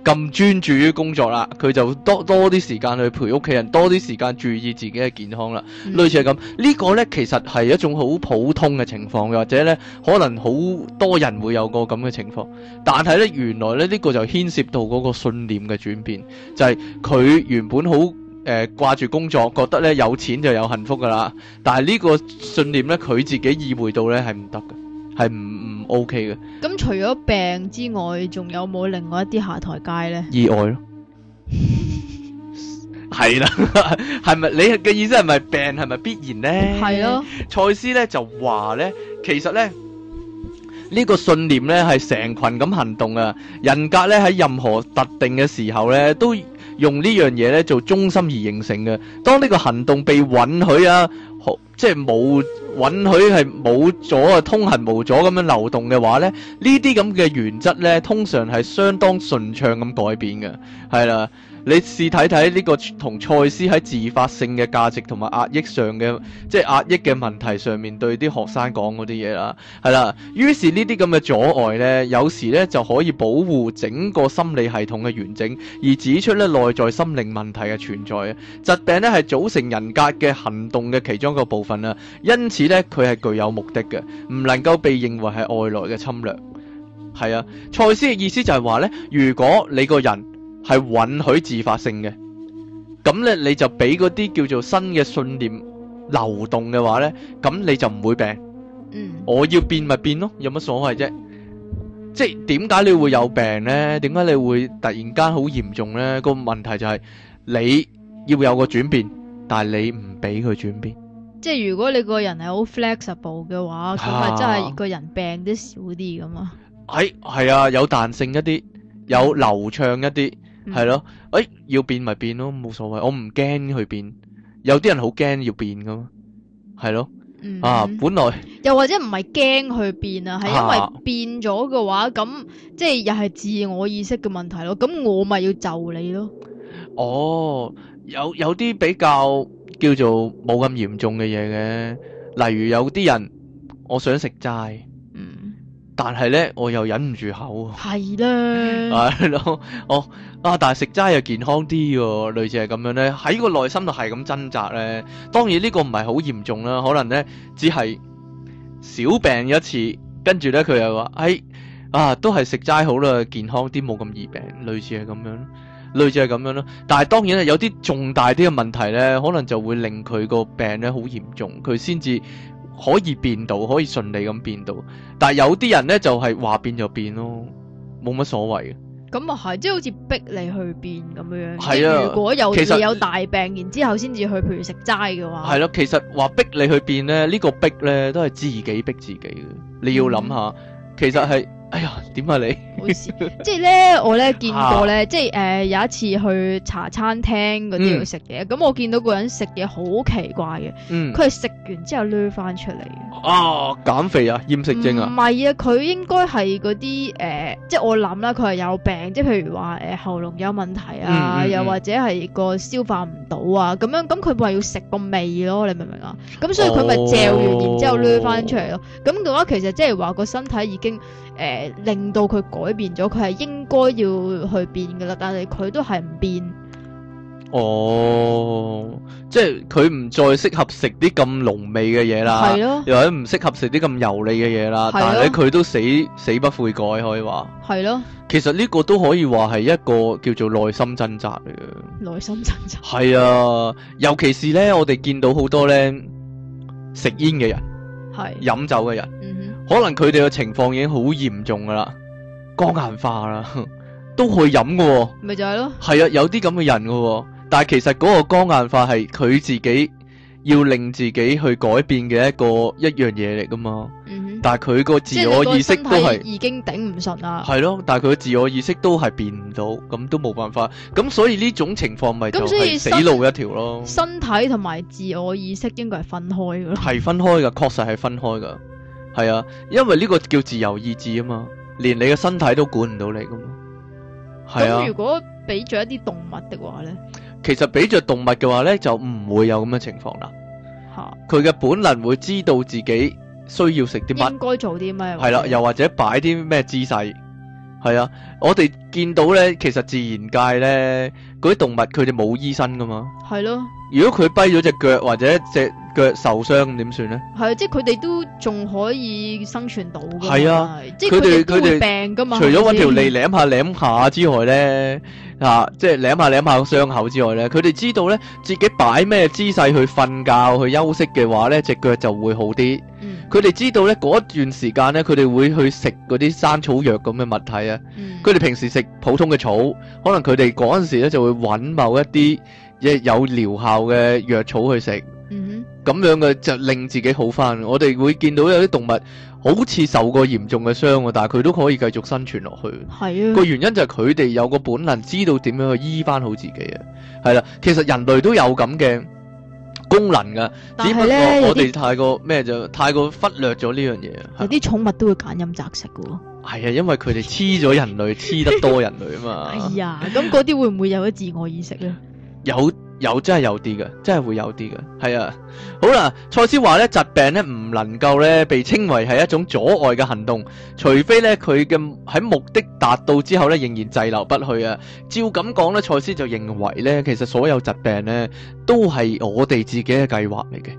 咁專注於工作啦，佢就多多啲時間去陪屋企人，多啲時間注意自己嘅健康啦， 類似係咁。這個、呢個咧其實係一種好普通嘅情況，或者咧可能好多人會有個咁嘅情況，但係咧原來咧呢、呢個就牽涉到嗰個信念嘅轉變，就係、是、佢原本好。誒、呃，掛住工作，覺得咧有錢就有幸福噶啦。但係呢個信念咧，佢自己意會到咧係唔得嘅，係唔唔 OK 嘅。咁除咗病之外，仲有冇另外一啲下台階咧？意外咯，係 是啦，係 咪你嘅意思係咪病係咪必然咧？係咯、啊，賽斯咧就話咧，其實咧呢、這個信念咧係成群咁行動啊，人格咧喺任何特定嘅時候咧都用呢樣嘢咧做中心而形成嘅，當呢個行動被允許啊，即係冇允許係冇阻啊，通行無阻咁樣流動嘅話咧，呢啲咁嘅原則咧，通常係相當順暢咁改變嘅，係啦。你試睇睇呢個同賽斯喺自發性嘅價值同埋壓抑上嘅，即係壓抑嘅問題上面對啲學生講嗰啲嘢啦，係啦。於是呢啲咁嘅阻礙呢，有時呢就可以保護整個心理系統嘅完整，而指出呢內在心靈問題嘅存在。疾病呢係組成人格嘅行動嘅其中一個部分啦。因此呢，佢係具有目的嘅，唔能夠被認為係外來嘅侵略。係啊，賽斯嘅意思就係話呢：如果你個人，係允許自發性嘅，咁咧你你就俾嗰啲叫做新嘅信念流動嘅話咧，咁你就唔會病。嗯。我要變咪變咯，有乜所謂啫？即係點解你會有病咧？點解你會突然間好嚴重咧？個問題就係你要有個轉變，但係你唔俾佢轉變。即係如果你個人係好 flexible 嘅話，咁咪真係個人病啲少啲噶嘛。係係啊，有彈性一啲，有流暢一啲。係咯，誒、 哎，要變咪變咯，冇所謂，我唔驚去變。有啲人好驚要變噶嘛，係咯，啊，嗯嗯，本來又或者唔係驚去變啊，係因為變咗嘅話，咁、啊、即係又係自我意識嘅問題咯。咁我咪要就你咯。哦，有有啲比較叫做冇咁嚴重嘅嘢嘅，例如有啲人，我想食齋。但係咧，我又忍唔住口。係啦，係 咯，啊，我啊，但係食齋又健康啲喎，類似係咁樣咧，喺個內心度係咁掙扎咧。當然呢個唔係好嚴重啦，可能咧只係小病一次，跟住咧佢又話，哎啊，都係食齋好啦，健康啲，冇咁易病，類似係咁樣，類似係咁樣咯。但係當然咧，有啲重大啲嘅問題咧，可能就會令佢個病咧好嚴重，佢先至。可以變到，可以順利咁變到，但係有啲人咧就係、是、話變就變咯，冇乜所謂嘅。咁啊係，即係好似逼你去變咁樣樣，啊、即係如果有其實你有大病然，然之後先至去譬如食齋嘅話。係咯、啊，其實話逼你去變咧，呢、這個逼咧都係自己逼自己嘅。你要諗下、嗯，其實係。嗯哎呀，點啊你？冇事，即係咧，我咧 見過咧，啊、即係誒、呃、有一次去茶餐廳嗰啲去食嘢，咁、嗯、我見到個人食嘢好奇怪嘅，嗯，佢係食完之後擰翻出嚟嘅。啊，減肥啊，厭食症啊？唔係啊，佢應該係嗰啲誒，即係我諗啦，佢係有病，即係譬如話、呃、喉嚨有問題啊，嗯嗯嗯，又或者係個消化唔到啊咁樣，咁佢咪要食個味咯？你明唔明啊？咁所以佢咪嚼完然之後擰翻出嚟咯。咁、哦、嘅話其實即係話個身體已經。誒、呃、令到佢改變咗，佢係應該要去變嘅啦，但係佢都係唔變。哦，即係佢唔再適合食啲咁濃味嘅嘢啦，又、啊、或者唔適合食啲咁油膩嘅嘢啦。但係咧，佢都死死不悔改，可以話。係咯、啊。其實呢個都可以話係一個叫做內心掙扎嚟嘅。內心掙扎。係啊，尤其是咧，我哋見到好多咧食煙嘅人，飲酒嘅人。嗯可能佢哋嘅情況已經好嚴重噶啦，肝硬化啦，都可以飲嘅喎。咪就係咯。係啊，有啲咁嘅人嘅喎，但係其實嗰個肝硬化係佢自己要令自己去改變嘅一個一樣嘢嚟噶嘛。但係佢個自我意識都係已經頂唔順啦。係咯，但係佢嘅自我意識都係變唔到，咁都冇辦法。咁所以呢種情況咪就係死路一條咯。身體同埋自我意識應該係分開嘅咯。係分開嘅，確實係分開嘅。係啊，因為呢個叫自由意志啊嘛，連你嘅身體都管唔到你噶嘛。係啊，如果俾咗一啲動物嘅話呢，其實俾咗動物嘅話呢，就唔會有咁嘅情況啦。吓，佢嘅本能會知道自己需要食啲乜，應該做啲咩。係啦，啊，又或者擺啲咩姿勢。係啊，我哋見到呢，其實自然界呢。嗰啲動物佢哋冇醫生噶嘛？係咯。如果佢跛咗隻腳或者隻腳受傷咁點算咧？係，即係佢哋都仲可以生存到嘅。係啊，即係佢哋佢哋病噶嘛。除咗搵條脷舐下舐下之外咧，吓，即係舐下舐下個傷口之外咧，佢哋知道咧自己擺咩姿勢去瞓覺去休息嘅話咧，隻腳就會好啲。嗯。佢哋知道咧嗰一段時間咧，佢哋會去食嗰啲生草藥咁嘅物體啊。嗯。佢哋平時食普通嘅草，可能佢哋嗰陣時咧就會。揾某一啲有療效嘅藥草去食，咁、嗯、樣嘅就令自己好翻。我哋會見到有啲動物好似受過嚴重嘅傷，但係佢都可以繼續生存落去。係啊，個原因就係佢哋有個本能，知道點樣去醫翻好自己啊。係啦，其實人類都有咁嘅功能噶，只不過我哋太過咩就太過忽略咗呢樣嘢。有啲寵物都會揀飲擇食噶。係啊，因為佢哋黐咗人類，黐得多人類啊嘛。 哎呀，咁嗰啲會唔會有咗自我意識咧？有，有真係有啲嘅，真係會有啲嘅。係啊，好啦，賽斯話咧，疾病咧唔能夠咧被稱為係一種阻礙嘅行動，除非咧佢嘅喺目的達到之後咧仍然滯留不去啊。照咁講咧，賽斯就認為咧，其實所有疾病咧都係我哋自己嘅計劃嚟嘅，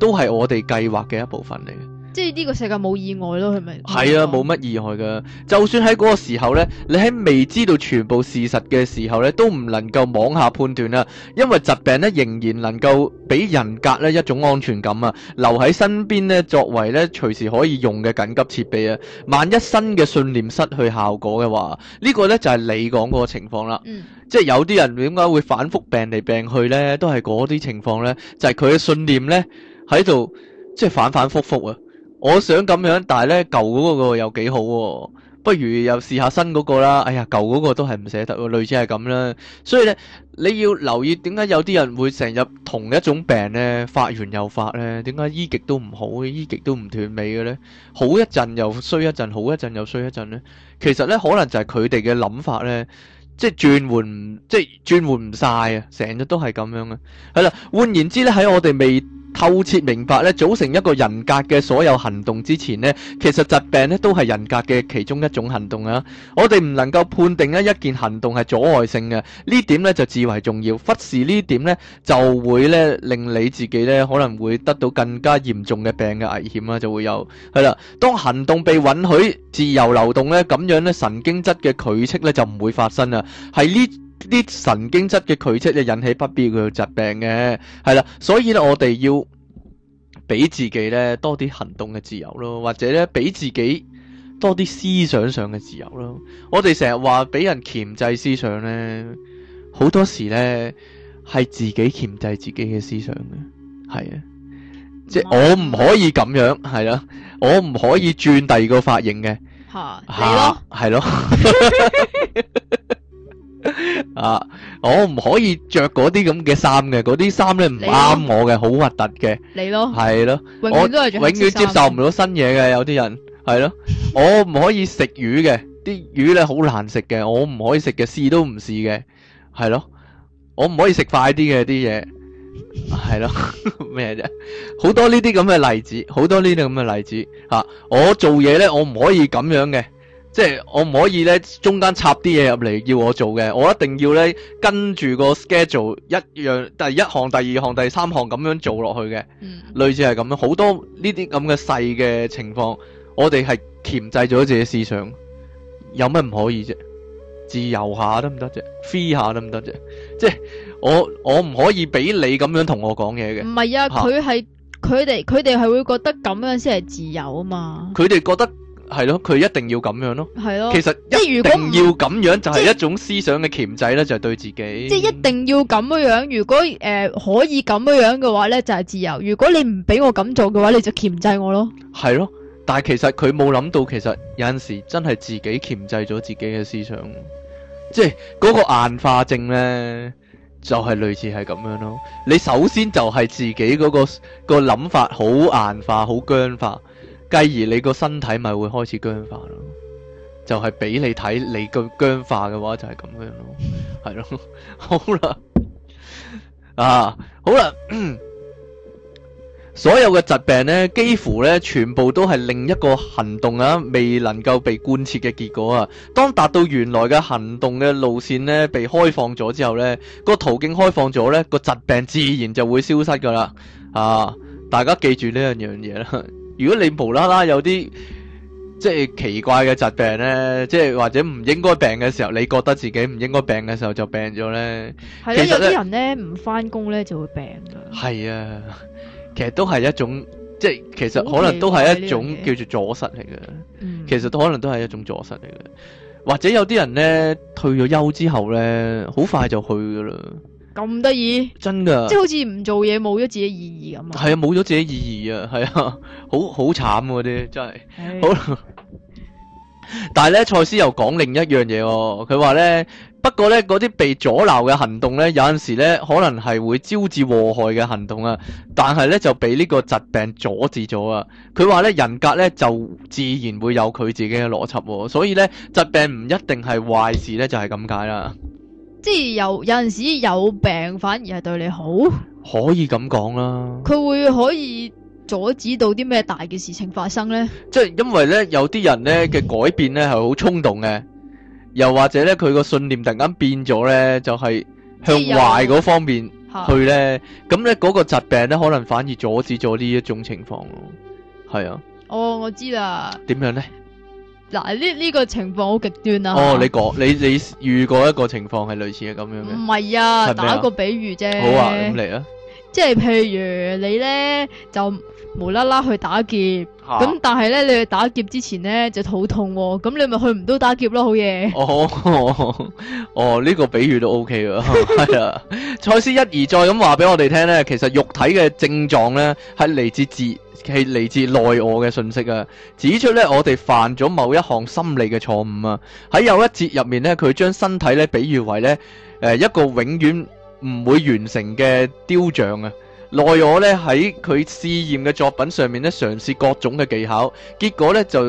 都係我哋計劃嘅一部分嚟嘅。即係呢個世界冇意外咯，係咪係啊？冇乜意外噶。就算喺嗰個時候呢，你喺未知道全部事實嘅時候呢，都唔能夠妄下判斷啦。因為疾病呢，仍然能夠俾人格呢一種安全感啊，留喺身邊呢，作為呢隨時可以用嘅緊急設備啊。萬一新嘅信念失去效果嘅話，呢、這個呢就係、是、你講嗰個情況啦。嗯，即係有啲人點解會反覆病嚟病去呢？都係嗰啲情況呢，就係佢嘅信念呢喺度即係反反复复啊。我想咁樣，但係咧舊嗰個個又幾好喎，不如又試下新嗰個啦。哎呀，舊嗰個都係唔捨得喎，類似係咁啦。所以咧，你要留意點解有啲人會成日同一種病咧發完又發咧，點解醫極都唔好，醫極都唔斷尾嘅咧？好一陣又衰一陣，好一陣又衰一陣咧。其實咧，可能就係佢哋嘅諗法咧，即係轉換，即係轉換唔晒啊，成日都係咁樣啊。係啦，換言之咧，喺我哋未透徹明白咧，組成一個人格嘅所有行動之前咧，其實疾病咧都係人格嘅其中一種行動啊！我哋唔能夠判定咧一件行動係阻礙性嘅，呢點咧就至為重要。忽視呢點咧，就會咧令你自己咧可能會得到更加嚴重嘅病嘅危險啦，就會有係啦。當行動被允許自由流動咧，咁樣咧神經質嘅拒斥咧就唔會發生啦！係呢。啲神經質嘅拒斥就引起不必要嘅疾病嘅，係啦，所以咧我哋要俾自己咧多啲行動嘅自由咯，或者咧俾自己多啲思想上嘅自由咯。我哋成日話俾人鉗制思想咧，好多時咧係自己鉗制自己嘅思想嘅，係啊，即係我唔可以咁樣，係啦，我唔可以轉第二個髮型嘅，吓，係咯，係咯。 啊！我唔可以着嗰啲咁嘅衫嘅，嗰啲衫咧唔啱我嘅，好核突嘅。你咯，係咯，我永遠接受唔到新嘢嘅，有啲人係咯。 我唔可以食魚嘅，啲魚咧好難食嘅，我唔可以食嘅，試都唔試嘅，係咯。我唔可以食快啲嘅啲嘢，係咯咩啫？好 是的 多呢啲咁嘅例子，好多呢啲咁嘅例子吓、啊。我做嘢咧，我唔可以咁樣嘅。即係我唔可以咧，中間插啲嘢入嚟要我做嘅，我一定要咧跟住個 schedule 一樣，第一項、第二項、第三項咁樣做落去嘅。嗯，類似係咁樣，好多呢啲咁嘅細嘅情況，我哋係鉗制咗自己思想，有乜唔可以啫？自由下得唔得啫？free 下得唔得啫？即係我我唔可以俾你咁樣同我講嘢嘅。唔係啊，佢係佢哋，佢哋係會覺得咁樣先係自由啊嘛。佢哋覺得。係咯，佢一定要咁樣咯。係咯，其實即係如果唔要咁樣，就係一種思想嘅鉗制咧，就係對自己。即係一定要咁樣，如果誒可以咁樣嘅話咧，就係自由。如果你唔俾我咁做嘅話，你就鉗制我咯。係咯，但係其實佢冇諗到，其實有陣時真係自己鉗制咗自己嘅思想。即係嗰個硬化症咧，就係類似係咁樣咯。你首先就係自己嗰個個諗法好硬化，好僵化。繼而你個身體咪會開始僵化咯，就係俾你睇你個僵化嘅話就係咁樣咯，係咯，好啦，啊，好啦，所有嘅疾病呢，幾乎呢，全部都係另一個行動啊未能夠被貫徹嘅結果啊。當達到原來嘅行動嘅路綫呢，被開放咗之後呢，個途徑開放咗呢，個疾病自然就會消失噶啦。啊，大家記住呢一樣嘢啦。如果你無啦啦有啲即係奇怪嘅疾病呢，即係或者唔應該病嘅時候，你覺得自己唔應該病嘅時候就病咗呢？係，有啲人呢唔翻工呢就會病㗎。係啊，其實都係一種即係其實可能都係一種叫做阻塞嚟嘅，嗯。其實都可能都係一種阻塞嚟嘅。或者有啲人呢退咗休之後呢，好快就去㗎啦。咁得意，真噶，即係好似唔做嘢冇咗自己意義咁啊！係啊，冇咗自己意義啊，係啊，好好慘嗰啲真係。Hey. 但係咧，賽斯又講另一樣嘢哦。佢話咧，不過咧嗰啲被阻撓嘅行動咧，有陣時咧可能係會招致禍害嘅行動啊。但係咧就俾呢個疾病阻止咗啊。佢話咧人格咧就自然會有佢自己嘅邏輯，所以咧疾病唔一定係壞事咧，就係咁解啦。即係有有陣時有病反而係對你好，可以咁講啦。佢會可以阻止到啲咩大嘅事情發生呢？即係因為呢，有啲人呢嘅改變呢係好衝動嘅，又或者呢，佢個信念突然間變咗呢，就係、是、向壞嗰方面去呢。咁呢，嗰、那個疾病呢，可能反而阻止咗呢一種情況咯。係啊，哦，我知啦。點樣呢？嗱，呢、這、呢個情況好極端啊！哦，你講 你你遇過一個情況係類似咁樣嘅？唔係啊，啊，打一個比喻啫。好啊，咁嚟啊！即係譬如你呢，就無啦啦去打劫，咁、啊、但係呢，你去打劫之前呢，就肚痛，哦，咁你咪去唔到打劫咯，好嘢。哦哦，呢、哦，這個比喻都 OK 啊。賽斯一而再咁話俾我哋聽呢，其實肉體嘅症狀呢，係嚟自自係嚟自內我嘅信息啊，指出呢，我哋犯咗某一項心理嘅錯誤啊。喺有一節入面呢，佢將身體呢，比喻為呢誒、呃、一個永遠，唔會完成嘅雕像啊！內我咧喺佢試驗嘅作品上面咧嘗試各種嘅技巧，結果咧就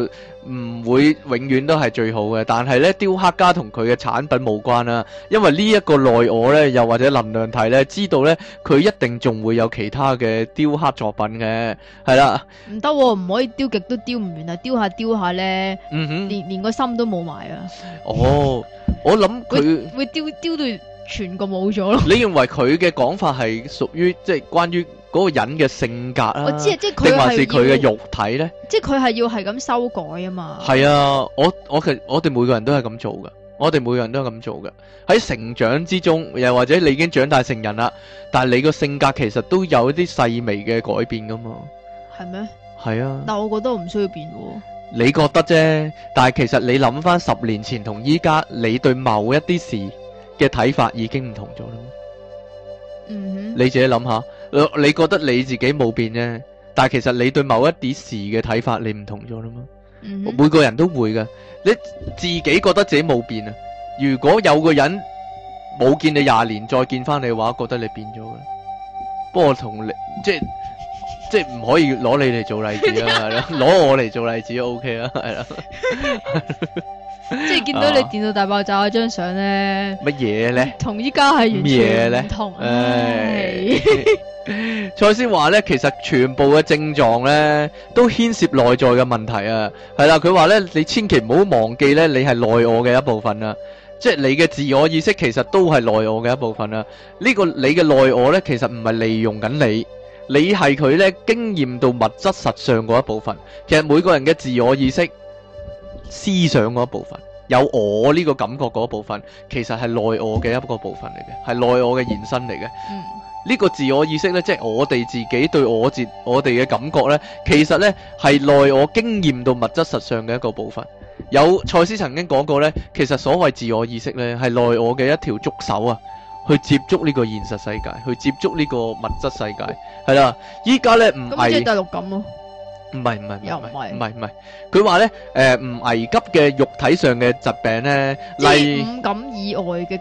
唔會永遠都係最好嘅。但係咧，雕刻家同佢嘅產品冇關啦、啊，因為這內呢一個內我咧又或者能量體咧知道咧佢一定仲會有其他嘅雕刻作品嘅，係啦。唔得、啊，唔可以雕極都雕唔完啊！雕下雕下咧，嗯哼，連連個心都冇埋啊！哦，我諗佢 會，會雕雕到。全個冇咗咯！你認為佢嘅講法係屬於，即係關於嗰個人嘅性格啊？我知，即係佢定還是佢嘅肉體呢？即係佢係要係咁修改啊嘛？係啊，我我哋每個人都係咁做嘅，我哋每個人都係咁做嘅。喺成長之中，又或者你已經長大成人啦，但係你個性格其實都有一啲細微嘅改變噶嘛？係咩？係啊，但我覺得我唔需要變喎。你覺得啫？但係其實你諗翻十年前同依家，你對某一啲事。嘅睇法已經唔同咗啦，mm -hmm. 你自己諗下，你覺得你自己冇變啫，但係其實你對某一啲事嘅睇法你唔同咗啦嘛，mm -hmm. 每個人都會㗎。你自己覺得自己冇變啊，如果有個人冇見你廿年再見翻你嘅話，覺得你變咗啦，不過同你即係即係唔可以攞你嚟做例子啊，攞 我嚟做例子 OK 啦，係啦。 即係見到你電腦大爆炸嗰張相呢，乜嘢呢？同依家係完全唔同呢。哎、 賽斯話呢，其實全部嘅症狀呢都牽涉內在嘅問題啊。係啦，佢話呢，你千祈唔好忘記呢，你係內我嘅一部分啊。即、就、係、是、你嘅自我意識，其實都係內我嘅一部分啊。呢、這個你嘅內我呢，其實唔係利用緊你，你係佢呢經驗到物質實相嗰一部分。其實每個人嘅自我意識。思想嗰一部分，有我呢個感覺嗰一部分，其實係內我嘅一個部分嚟嘅，係內我嘅延伸嚟嘅。呢、嗯這個自我意識呢，即係我哋自己對我自我哋嘅感覺呢，其實呢係內我經驗到物質實上嘅一個部分。有賽斯曾經講過呢，其實所謂自我意識呢，係內我嘅一條觸手啊，去接觸呢個現實世界，去接觸呢個物質世界。係啦，依家呢，唔係。咁即係第六感咯、啊。唔係唔係唔係唔係唔係，佢話咧，誒，唔危急嘅肉體上嘅疾病咧，即係五感以外嘅，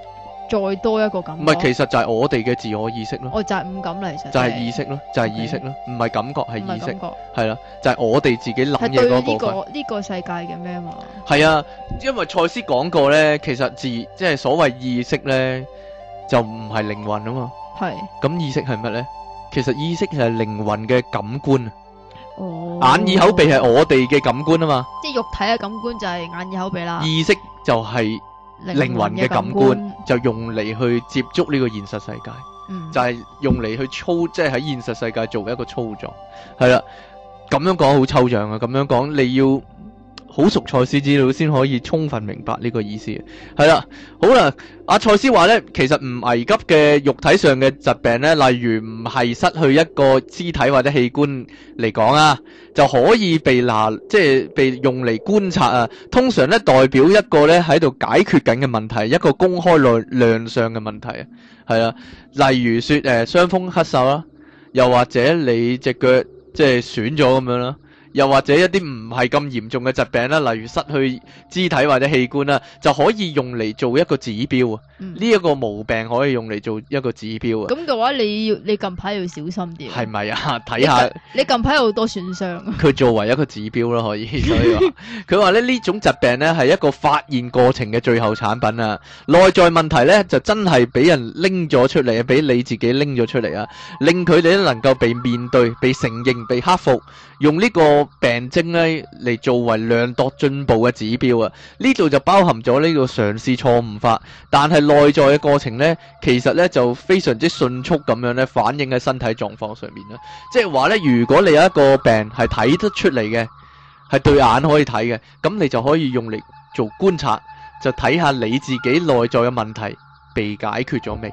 再多一個感覺。唔係，其實就係我哋嘅自我意識咯。我就係五感嚟，就係意識咯，就係意識咯，唔係感覺係意識，係啦，就係我哋自己諗嘅嗰個。係對於呢個呢個世界嘅咩嘛？係啊，因為賽斯講過咧，其實自即係所謂意識咧，就唔係靈魂啊嘛。係咁，意識係乜咧？其實意識係靈魂嘅感官啊。哦，眼耳口鼻係我哋嘅感官啊嘛，即係肉體嘅感官就係眼耳口鼻啦。意識就係靈魂嘅感官，就用嚟，去接觸呢個現實世界，就係用嚟去操，即係喺現實世界做一個操作。係啦，咁樣講好抽象啊！咁樣講你要。好熟賽斯資料先可以充分明白呢個意思，係啦，好啦，阿、啊、賽斯話呢，其實唔危急嘅肉體上嘅疾病呢，例如唔係失去一個肢體或者器官嚟講啊，就可以被拿，即係被用嚟觀察啊。通常呢，代表一個呢喺度解決緊嘅問題，一個公開量亮相嘅問題，係啦，例如說誒、呃、傷風咳嗽啦、啊，又或者你隻腳即係損咗咁樣啦、啊。又或者一啲唔係咁嚴重嘅疾病啦，例如失去肢體或者器官啦，就可以用嚟做一個指標啊。呢一個毛病可以用嚟做一個指標啊。咁嘅話，你要你近排要小心啲。係咪啊？睇下你近排有好多損傷？佢作為一個指標啦，可以。所以話佢話咧，呢種疾病咧係一個發現過程嘅最後產品啊。內在問題咧就真係俾人拎咗出嚟，俾你自己拎咗出嚟啊，令佢哋都能夠被面對、被承認、被克服，用呢個。病徵咧嚟，作為量度進步嘅指標啊，呢度就包含咗呢個嘗試錯誤法，但係內在嘅過程呢，其實呢就非常之迅速咁樣咧，反映喺身體狀況上面啦。即係話呢，如果你有一個病係睇得出嚟嘅，係對眼可以睇嘅，咁你就可以用嚟做觀察，就睇下你自己內在嘅問題被解決咗未？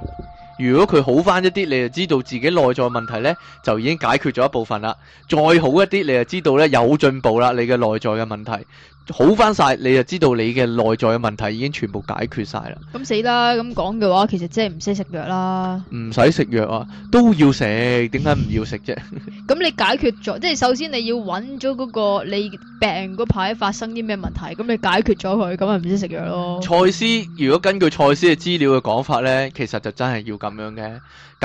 如果佢好翻一啲，你就知道自己內在問題咧，就已經解決咗一部分啦。再好一啲，你就知道咧，有進步啦，你嘅內在嘅問題。好翻晒，你就知道你嘅內在嘅問題已經全部解決晒啦。咁死啦，咁講嘅話，其實即係唔使食藥啦。唔使食藥啊，都要食，點解唔要食啫？咁 你解決咗，即係首先你要揾咗嗰個你病嗰排發生啲咩問題，咁你解決咗佢，咁咪唔使食藥咯。賽斯，如果根據賽斯嘅資料嘅講法呢，其實就真係要咁樣嘅，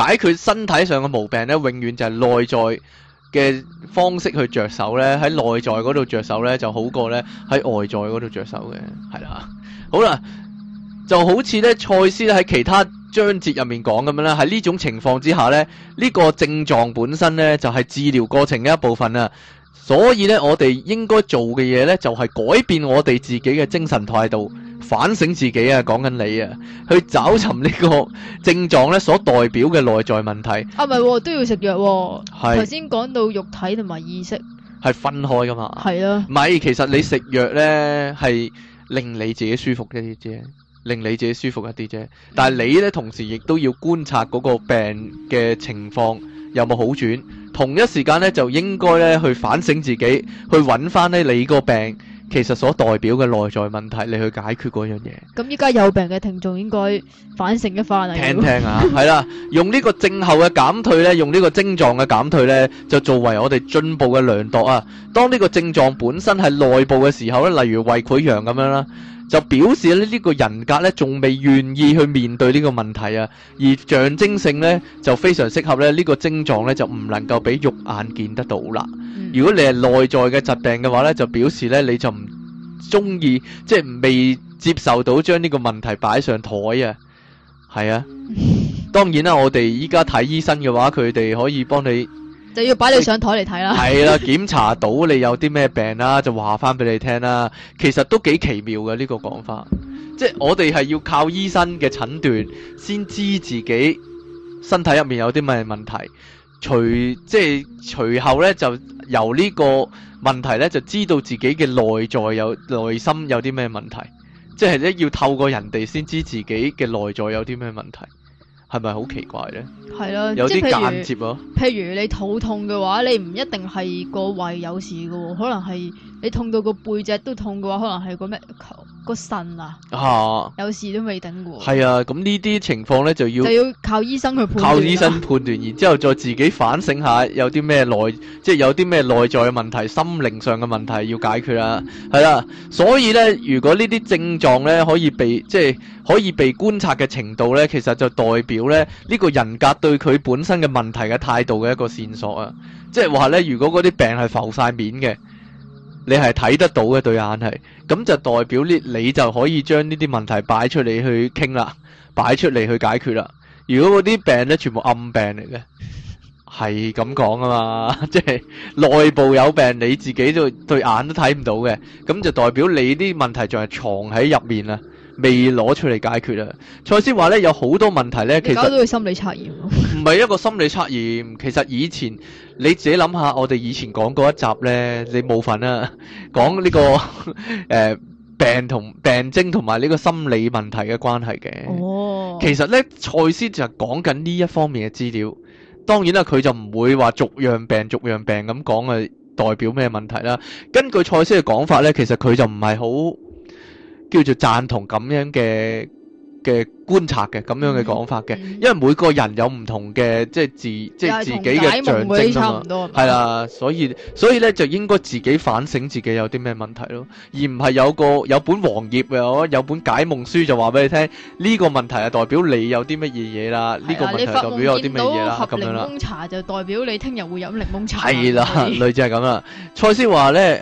解決身體上嘅毛病呢，永遠就係內在嘅方式去着手呢，喺內在嗰度着手呢就好過呢喺外在嗰度着手嘅，係啦，好啦，就好似呢賽斯喺其他章節入面講咁樣啦，喺呢種情況之下呢，呢、呢個症狀本身呢就係、是、治療過程嘅一部分啦，所以呢，我哋應該做嘅嘢呢，就係、是、改變我哋自己嘅精神態度。反省自己啊，講緊你啊，去找尋呢個症狀呢所代表嘅內在問題。啊，唔係啊，都要食藥啊。係，頭先講到肉體同埋意識係分開噶嘛。係咯啊，唔係，其實你食藥呢係令你自己舒服一啲啫，令你自己舒服一啲啫。但係你呢，同時亦都要觀察嗰個病嘅情況有冇好轉，同一時間呢，就應該呢去反省自己，去揾翻呢你個病。其實所代表嘅內在問題，你去解決嗰樣嘢。咁依家有病嘅聽眾應該反省一番啊！聽聽啊，係 啦，用呢個症候嘅減退呢，用呢個症狀嘅減退呢，就作為我哋進步嘅量度啊。當呢個症狀本身係內部嘅時候呢，例如胃潰瘍咁樣啦。就表示咧呢個人格呢仲未願意去面對呢個問題啊，而象徵性呢就非常適合咧呢個症狀呢，就唔能夠俾肉眼見得到啦、嗯。如果你係內在嘅疾病嘅話呢，就表示呢你就唔鍾意即係未接受到將呢個問題擺上枱啊。係啊、嗯，當然啦，我哋依家睇醫生嘅話，佢哋可以幫你。就要擺你上台嚟睇啦，係啦、啊，檢查到你有啲咩病啦、啊，就話翻俾你聽、啊、啦。 其實都幾奇妙嘅呢、呢個講法，即係我哋係要靠醫生嘅診斷先知自己身體入面有啲咩問題，隨即係隨後咧就由呢個問題咧就知道自己嘅內在有內心有啲咩問題，即係咧要透過人哋先知自己嘅內在有啲咩問題，係咪好奇怪呢？係有啲係接如間接，啊，譬如你肚痛嘅話，你唔一定係個胃有事噶，可能係你痛到個背脊都痛嘅話，可能係個咩球個腎啊，啊，有事都未頂過。係啊，咁呢啲情況咧就要就要靠醫生去判斷，靠醫生判斷，然之後再自己反省一下有啲咩內即係有啲咩內在嘅問題、心靈上嘅問題要解決啦、啊。係 啦、啊，所以咧如果這些狀呢啲症狀咧可以被即係可以被觀察嘅程度咧，其實就代表咧呢、這個人格。對佢本身嘅問題嘅態度嘅一個線索啊，即係話呢，如果嗰啲病係浮晒面嘅，你係睇得到嘅，對眼係，咁就代表呢，你就可以將呢啲問題擺出嚟去傾啦，擺出嚟去解決啦。如果嗰啲病呢，全部暗病嚟嘅，係咁講啊嘛，即係內部有病，你自己對對眼都睇唔到嘅，咁就代表你啲問題仲係藏喺入面啦。未攞出嚟解決啊！賽斯話咧，有好多問題咧，其實而家都係心理測驗，唔係一個心理測驗。其實以前你自己諗下，我哋以前講嗰一集咧，你冇份啊！講呢個誒病同病徵同埋呢個心理問題嘅關係嘅。哦，其實咧，賽斯就係講緊呢一方面嘅資料。當然啦，佢就唔會話逐樣病逐樣病咁講啊，代表咩問題啦？根據賽斯嘅講法咧，其實佢就唔係好。叫做贊同咁樣嘅，嘅觀察嘅咁樣嘅講法嘅，因為每個人有唔同嘅即係自即係自己嘅象徵啊嘛，係啦，所以所以咧就應該自己反省自己有啲咩問題咯，而唔係有個有本黃頁有有本解夢書就話俾你聽呢個問題係代表你有啲乜嘢嘢啦，呢個問題就代表有啲乜嘢啦咁樣啦。飲檸檬茶就代表你聽日會飲檸檬茶，係啦，類似係咁啦。賽斯話咧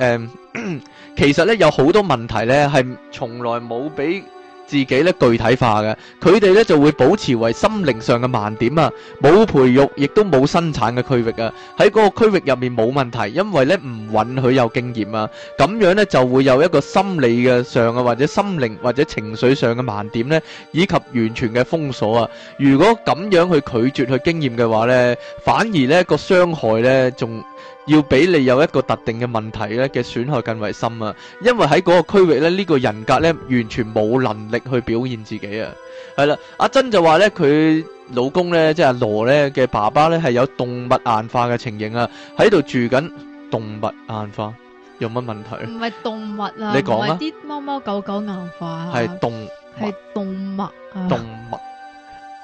誒，其實咧有好多問題咧係從來冇俾。自己咧具體化嘅，佢哋咧就會保持為心靈上嘅盲點啊，冇培育亦都冇生產嘅區域啊，喺嗰個區域入面冇問題，因為咧唔允許有經驗啊，咁樣咧就會有一個心理嘅上啊或者心靈或者情緒上嘅盲點咧，以及完全嘅封鎖啊。如果咁樣去拒絕去經驗嘅話咧，反而咧個傷害咧仲要俾你有一個特定嘅問題咧嘅損害更為深啊！因為喺嗰個區域咧呢個人格咧完全冇能力去表現自己啊！係啦，阿珍就話咧佢老公咧即係阿羅咧嘅爸爸咧係有動物硬化嘅情形啊，喺度住緊動物硬化有乜問題？唔係動物啊，你講，唔係啲貓貓狗狗硬化，係動物，係動物啊，動物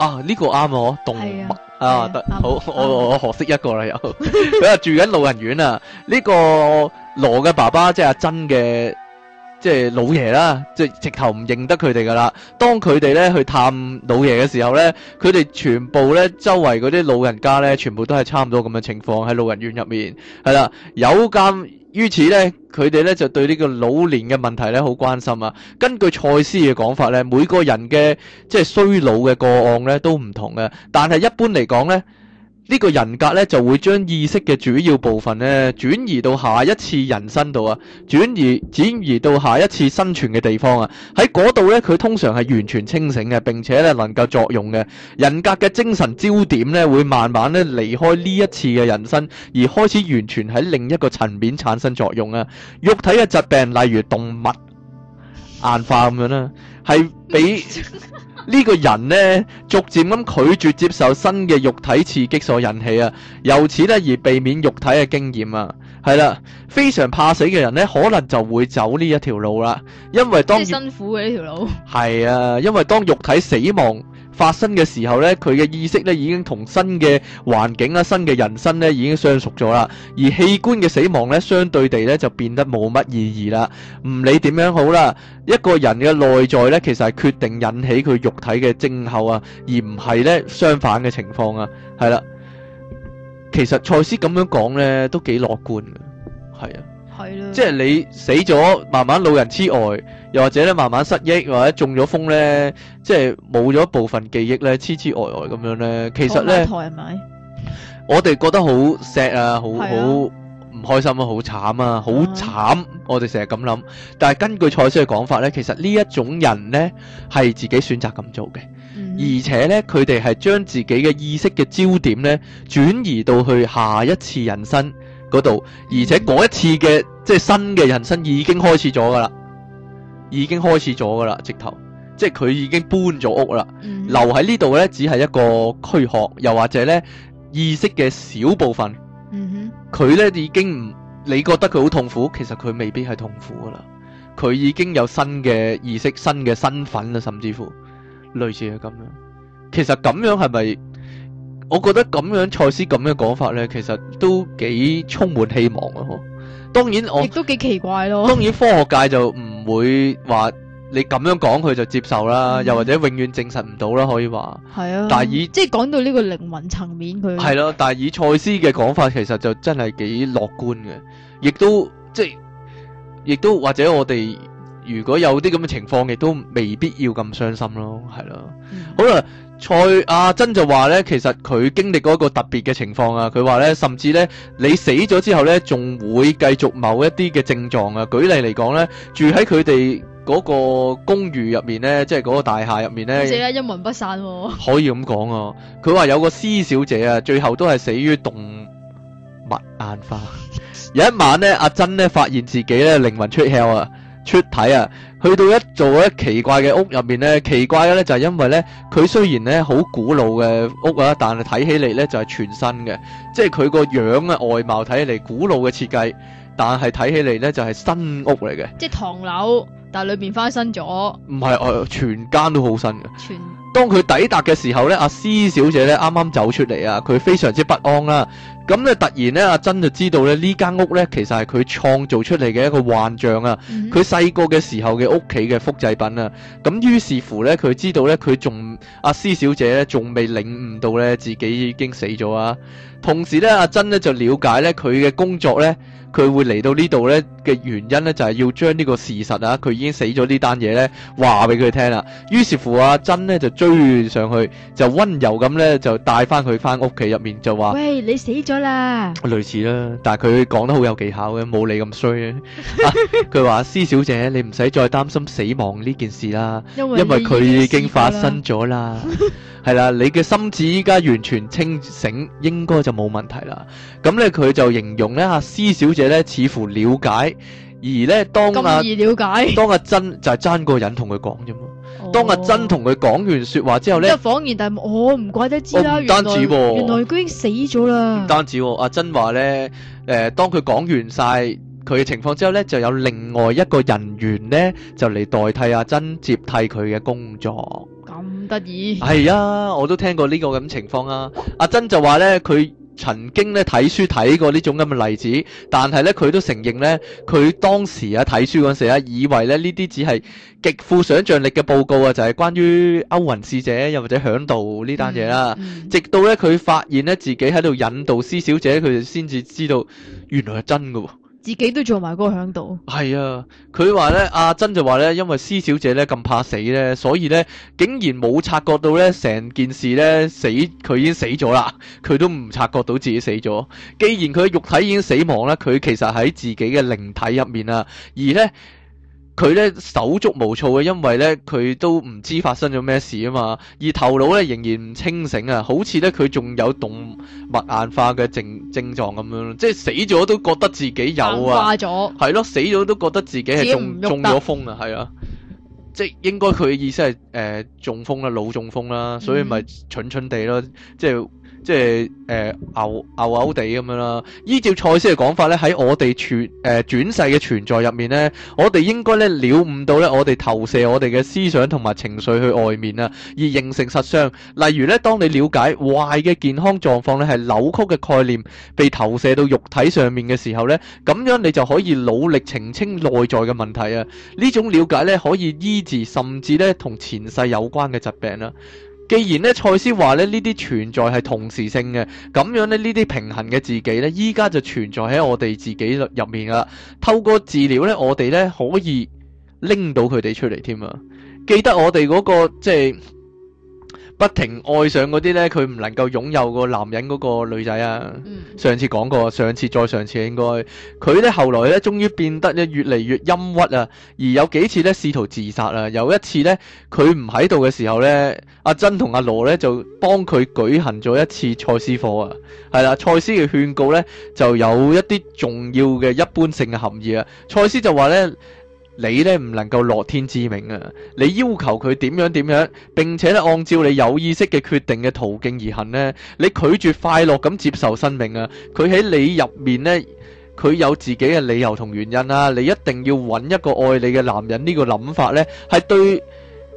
啊呢個啱喎，動物。啊、oh, yeah，好，我我學識一個啦，又佢話住緊老人院啊，呢個羅嘅爸爸即係阿珍嘅即係老爺啦，即係直頭唔認得佢哋噶啦。當佢哋咧去探老爺嘅時候咧，佢哋全部咧周圍嗰啲老人家咧，全部都係差唔多咁嘅情況喺老人院入面，係啦有咁。於此咧，佢哋咧就對呢個老年嘅問題咧好關心啊。根據賽斯嘅講法咧，每個人嘅即係衰老嘅個案咧都唔同嘅，但係一般嚟講咧。呢個人格咧就會將意識嘅主要部分咧轉移到下一次人生度啊，轉移轉移到下一次生存嘅地方啊，喺嗰度咧佢通常係完全清醒嘅，並且咧能夠作用嘅人格嘅精神焦點咧會慢慢咧離開呢一次嘅人生，而開始完全喺另一個層面產生作用啊。肉體嘅疾病例如動物。硬化咁樣啦，係俾呢個人呢逐漸咁拒絕接受新嘅肉體刺激所引起啊，由此呢而避免肉體嘅經驗啊，係啦，非常怕死嘅人呢可能就會走呢一條路啦，因為當辛苦嘅呢條路係啊，因為當肉體死亡。發生嘅時候呢，佢嘅意識呢已經同新嘅環境啊、新嘅人生呢已經相熟咗啦，而器官嘅死亡呢，相對地呢就變得冇乜意義啦。唔理點樣好啦，一個人嘅內在呢，其實係決定引起佢肉體嘅症候啊，而唔係呢相反嘅情況啊。係啦，其實賽斯咁樣講呢，都幾樂觀嘅，係啊。是即係你死咗，慢慢老人痴呆，又或者咧慢慢失憶，或者中咗風呢，即係冇咗部分記憶呢，痴痴呆呆咁樣呢。其實呢，我哋覺得好 sad 啊，好好唔開心啊，好慘啊，好慘。我哋成日咁諗。但係根據賽斯嘅講法呢，其實呢一種人呢，係自己選擇咁做嘅，嗯，而且呢，佢哋係將自己嘅意識嘅焦點呢，轉移到去下一次人生。嗰度，而且嗰一次嘅、mm -hmm. 即係新嘅人生已經開始咗噶啦，已經開始咗噶啦，直頭即係佢已經搬咗屋啦，mm -hmm. 留喺呢度呢，只係一個軀殼，又或者呢意識嘅小部分。佢、mm -hmm. 呢已經唔，你覺得佢好痛苦，其實佢未必係痛苦噶啦，佢已經有新嘅意識、新嘅身份啦，甚至乎類似係咁樣。其實咁樣係咪？我覺得咁樣賽斯咁樣講法呢，其實都幾充滿希望咯。當然我亦都幾奇怪咯。當然科學界就唔會話你咁樣講佢就接受啦，又或者永遠證實唔到啦，可以話。係啊。但係以即係講到呢個靈魂層面佢。係咯，但係以賽斯嘅講法其實就真係幾樂觀嘅，亦都即係亦都或者我哋。如果有啲咁嘅情況，亦都未必要咁傷心咯，係咯。嗯、好啦，蔡阿珍就話呢，其實佢經歷過一個特別嘅情況啊。佢話呢，甚至呢，你死咗之後呢，仲會繼續某一啲嘅症狀啊。舉例嚟講呢，住喺佢哋嗰個公寓入面呢，即係嗰個大廈入面呢，陰魂不散、哦、可以咁講啊。佢話有個施小姐啊，最後都係死於動脈硬化。 有一晚呢，阿珍呢，發現自己呢，靈魂出竅啊！出體啊，去到一座奇怪嘅屋入面咧，奇怪嘅咧就係因為咧，佢雖然咧好古老嘅屋啊，但係睇起嚟咧就係、是、全新嘅，即係佢個樣嘅外貌睇起嚟古老嘅設計，但係睇起嚟咧就係、是、新屋嚟嘅，即係唐樓，但係裏邊翻新咗，唔係、呃、全間都好新嘅，全。當佢抵達嘅時候咧，阿、啊、施小姐咧啱啱走出嚟啊，佢非常之不安啦。咁咧突然咧，阿珍就知道咧呢間屋咧，其實係佢創造出嚟嘅一個幻象啊！佢細個嘅時候嘅屋企嘅複製品啊！咁於是乎咧，佢知道咧佢仲阿施小姐咧仲未領悟到咧自己已經死咗啊！同時咧，阿珍咧就了解咧佢嘅工作咧。佢會嚟到呢度呢嘅原因呢，就係要將呢個事實啊，佢已經死咗呢單嘢呢，話俾佢聽啦。於是乎，阿珍呢就追上去，就溫柔咁呢，就帶翻佢翻屋企入面，就話：，喂，你死咗啦！類似啦，但係佢講得好有技巧嘅，冇你咁衰 啊！佢他話：施 小姐，你唔使再擔心死亡呢件事啦，因為佢已，已經發生咗啦。係 啦， 你嘅心智依家完全清醒，應該就冇問題啦。咁呢，佢就形容呢，阿、啊、施小姐。嘢咧似乎了解，而咧當啊，咁易了解。當阿珍就係、是、爭個人同佢講啫嘛。當阿珍同佢講完說話之後咧，一恍然大悟，但我唔怪得知啦、啊。唔、哦、單止、啊，原來佢、啊、來已經死咗啦。唔單止、啊，阿珍話咧，誒、呃，當佢講完晒佢嘅情況之後咧，就有另外一個人員咧就嚟代替阿珍接替佢嘅工作。咁得意？係啊，我都聽過呢個咁情況啊。阿珍就話咧，佢。曾經咧睇書睇過呢種咁嘅例子，但係咧佢都承認咧，佢當時啊睇書嗰陣時、啊、以為咧呢啲只係極富想像力嘅報告啊，就係、是、關於歐雲使者又或者響度呢單嘢啦。直到咧佢發現咧自己喺度引導施小姐，佢就先至知道原來係真嘅喎、哦。自己都做埋嗰個喺度，係啊！佢話咧，阿珍就話咧，因為施小姐咧咁怕死咧，所以咧竟然冇察覺到咧成件事咧死，佢已經死咗啦，佢都唔察覺到自己死咗。既然佢嘅肉體已經死亡啦，佢其實喺自己嘅靈體入面啦，而咧。佢咧手足無措嘅，因為咧佢都唔知發生咗咩事啊嘛，而頭腦咧仍然唔清醒啊，好似咧佢仲有動脈硬化嘅症症狀咁樣咯，即係死咗都覺得自己有啊，係咯，死咗都覺得自己係中咗風啊，係、呃、啊，即係應該佢意思係誒中風啦，腦中風啦，所以咪蠢蠢地咯、嗯，即係。即係誒、呃，牛牛地咁樣啦。依照賽斯嘅講法咧，喺我哋存誒轉世嘅存在入面呢，我哋應該咧，了悟到咧，我哋投射我哋嘅思想同埋情緒去外面啊，而形成實相。例如咧，當你了解壞嘅健康狀況咧係扭曲嘅概念被投射到肉體上面嘅時候咧，咁樣你就可以努力澄清內在嘅問題啊。呢種了解咧可以醫治甚至咧同前世有關嘅疾病啦。既然呢賽斯話咧呢啲存在係同時性嘅，咁樣呢呢啲平衡嘅自己呢，依家就存在喺我哋自己入面啦。透過治療呢，我哋呢可以拎到佢哋出嚟添啊！記得我哋嗰、嗰個即係。就是不停愛上嗰啲咧，佢唔能夠擁有個男人嗰個女仔啊、嗯！上次講過，上次再上次應該佢咧，後來咧，終於變得咧越嚟越陰鬱啊！而有幾次咧試圖自殺啊！有一次咧，佢唔喺度嘅時候咧，阿珍同阿羅咧就幫佢舉行咗一次賽斯課啊！係啦，賽斯嘅勸告咧就有一啲重要嘅一般性嘅含義啊！賽斯就話咧。你咧唔能夠樂天之命啊！你要求佢點樣點樣，並且咧按照你有意識嘅決定嘅途徑而行呢，你拒絕快樂咁接受生命啊！佢喺你入面呢，佢有自己嘅理由同原因啊。你一定要揾一個愛你嘅男人呢個諗法呢，係對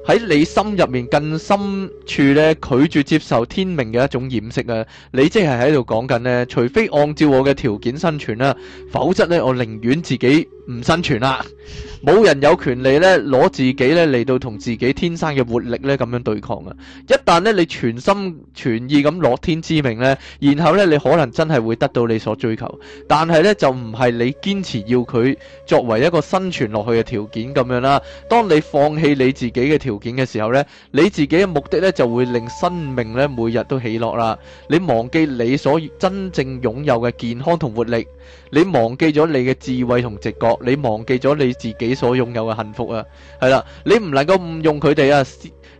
喺你心入面更深處呢拒絕接受天命嘅一種掩飾啊！你即係喺度講緊呢，除非按照我嘅條件生存啦，否則呢，我寧願自己。唔生存啦，冇人有權利咧攞自己咧嚟到同自己天生嘅活力咧咁樣對抗啊！一旦咧你全心全意咁樂天之命咧，然後咧你可能真係會得到你所追求，但係咧就唔係你堅持要佢作為一個生存落去嘅條件咁樣啦。當你放棄你自己嘅條件嘅時候咧，你自己嘅目的咧就會令生命咧每日都起落啦。你忘記你所真正擁有嘅健康同活力，你忘記咗你嘅智慧同直覺。你忘記咗你自己所擁有嘅幸福啊，係啦，你唔能夠誤用佢哋啊，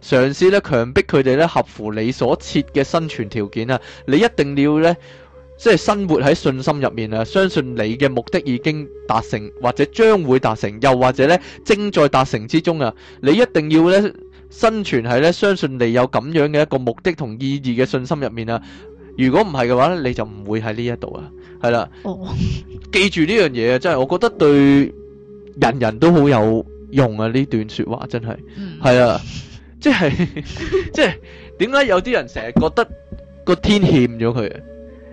嘗試咧強迫佢哋咧合乎你所設嘅生存條件啊，你一定要咧即係生活喺信心入面啊，相信你嘅目的已經達成或者將會達成，又或者咧正在達成之中啊，你一定要咧生存喺咧相信你有咁樣嘅一個目的同意義嘅信心入面啊。如果唔係嘅話咧，你就唔會喺呢一度啊，係啦。Oh. 記住呢樣嘢啊，真係我覺得對人人都好有用啊！呢段說話真係，係、mm. 啊，即係即係，點解有啲人成日覺得個天欠咗佢啊？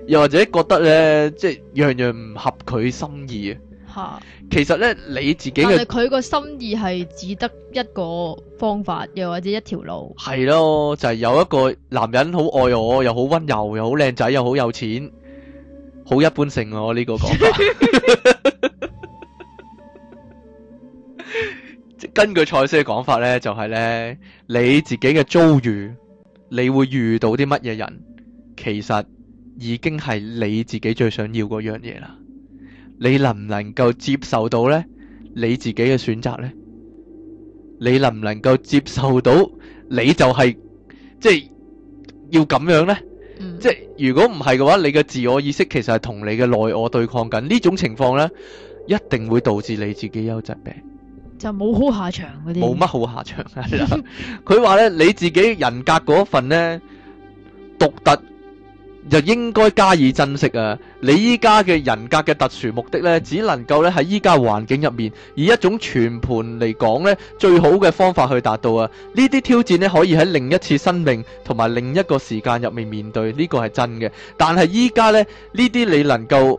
又或者覺得咧，即係樣樣唔合佢心意啊？其實咧，你自己嘅佢個心意係只得一個方法，又或者一條路，係咯，就係、是、有一個男人好愛我，又好溫柔，又好靚仔，又好有錢，好一般性喎呢、這個講法， 根據賽斯嘅講法呢，就係、是、呢：你自己嘅遭遇，你會遇到啲乜嘢人，其實已經係你自己最想要嗰樣嘢啦。你能唔能夠接受到咧？你自己嘅選擇咧？你能唔能夠接受到？你就係即係要咁樣咧？即係如果唔係嘅話，你嘅自我意識其實係同你嘅內我對抗緊。呢種情況咧，一定會導致你自己有疾病，就冇好下場嗰啲。冇乜好下場係啦！佢話咧，你自己人格嗰份咧獨特就應該加以珍惜啊！你依家嘅人格嘅特殊目的呢，只能夠呢喺依家環境入面，以一種全盤嚟講呢最好嘅方法去達到啊！呢啲挑戰呢，可以喺另一次生命同埋另一個時間入面面對，呢個係真嘅。但係依家呢，呢啲你能夠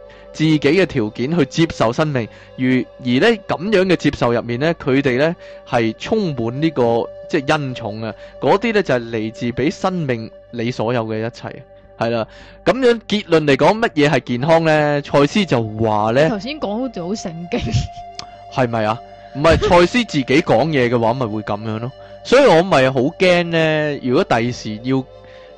自己嘅條件去接受生命，如而咧咁樣嘅接受入面咧，佢哋咧係充滿呢個即係恩寵啊！嗰啲咧就係嚟自俾生命你所有嘅一切，係啦。咁樣結論嚟講，乜嘢係健康咧？賽斯就話咧，頭先講好似好神經，係咪啊？唔係賽斯自己講嘢嘅話，咪會咁樣咯。所以我咪好驚咧，如果第時要。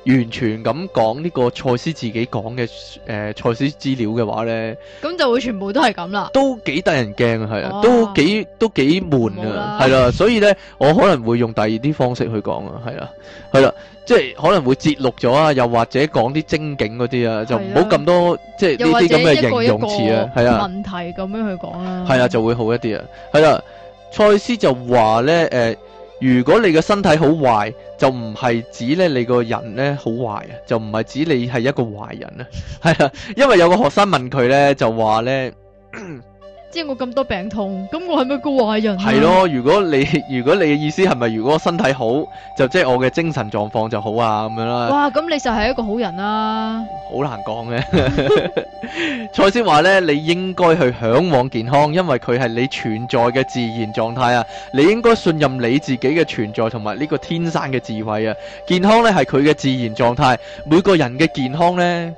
完全咁講呢個賽斯自己講嘅誒賽斯資料嘅話呢，咁就會全部都係咁啦。都幾得人驚係啊，啊，啊，都幾都幾悶啊，係啦、啊。所以呢，我可能會用第二啲方式去講啊，係啦、啊，係啦、啊 啊，即係可能會節錄咗啊，又或者講啲精警嗰啲啊，就唔好咁多即係呢啲咁嘅形容詞啊，係啊，一個一個問題咁樣去講啊，係啊， 啊，就會好一啲啊，係啦、啊，賽斯就話呢。誒、呃。如果你個身體好壞，就唔係指咧你個人咧好壞啊，就唔係指你係一個壞人咧，係啦，因為有個學生問佢咧，就話咧。知我咁多病痛，咁我係咪個壞人？啊？係咯，如果你如果你嘅意思係咪如果我身體好，就即係、就是、我嘅精神狀況就好啊咁樣啦。哇，咁你就係一個好人啦，啊。好難講嘅。 賽斯話呢，你應該去向往健康，因為佢係你存在嘅自然狀態啊。你應該信任你自己嘅存在同埋呢個天生嘅智慧啊。健康呢係佢嘅自然狀態，每個人嘅健康呢。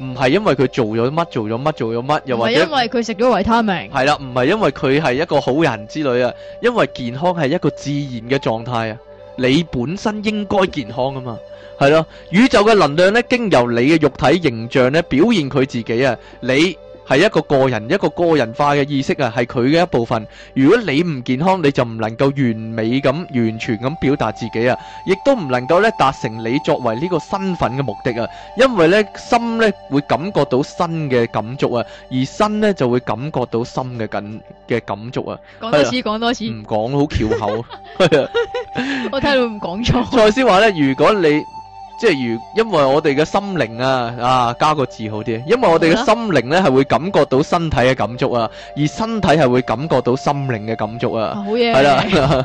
唔係因為佢做咗乜做咗乜做咗乜，又或者唔係因為佢食咗維他命，係啦，唔係因為佢係一個好人之類啊，因為健康係一個自然嘅狀態啊，你本身應該健康啊嘛，係咯，宇宙嘅能量咧經由你嘅肉體形象咧表現佢自己啊，你。係一個個人一個個人化嘅意識啊，係佢嘅一部分。如果你唔健康，你就唔能夠完美咁完全咁表達自己啊，亦都唔能夠咧達成你作為呢個身份嘅目的啊。因為咧心咧會感覺到身嘅感觸啊，而身咧就會感覺到心嘅感嘅感觸啊。講多次，講多次，唔講好翹口。係啊，我睇你會唔講錯。賽斯話咧，如果你即係如，因為我哋嘅心靈啊啊，加個字好啲。因為我哋嘅心靈咧係會感覺到身體嘅感觸啊，而身體係會感覺到心靈嘅感觸啊。好嘢。係啦，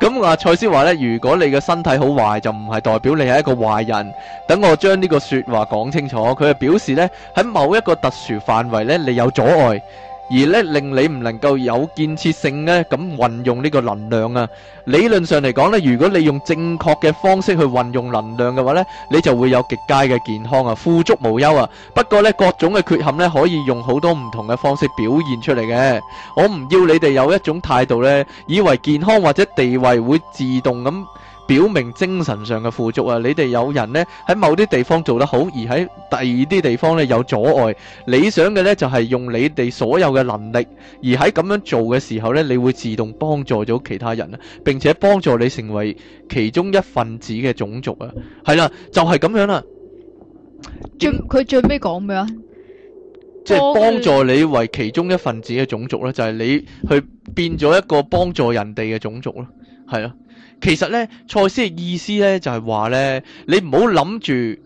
咁阿賽斯話咧，如果你嘅身體好壞，就唔係代表你係一個壞人。等我將呢個說話講清楚，佢係表示咧，喺某一個特殊範圍咧，你有阻礙，而咧令你唔能夠有建設性咧咁運用呢個能量啊，理論上嚟講咧，如果你用正確嘅方式去運用能量嘅話咧，你就會有極佳嘅健康啊，富足無憂啊。不過咧，各種嘅缺陷，咧可以用好多唔同嘅方式表現出嚟嘅。我唔要你哋有一種態度咧，以為健康或者地位會自動咁，表明精神上嘅富足啊！你哋有人呢喺某啲地方做得好，而喺第二啲地方呢有阻礙。理想嘅呢就係用你哋所有嘅能力，而喺咁樣做嘅時候呢，你會自動幫助咗其他人啊，並且幫助你成為其中一份子嘅種族啊！係啦，就係咁樣啦。最佢最尾講咩啊？即係幫助你為其中一份子嘅種族啦，就係你去變咗一個幫助人哋嘅種族咯，係啊。其實呢賽斯嘅意思呢，就係、是、話呢：你唔好諗住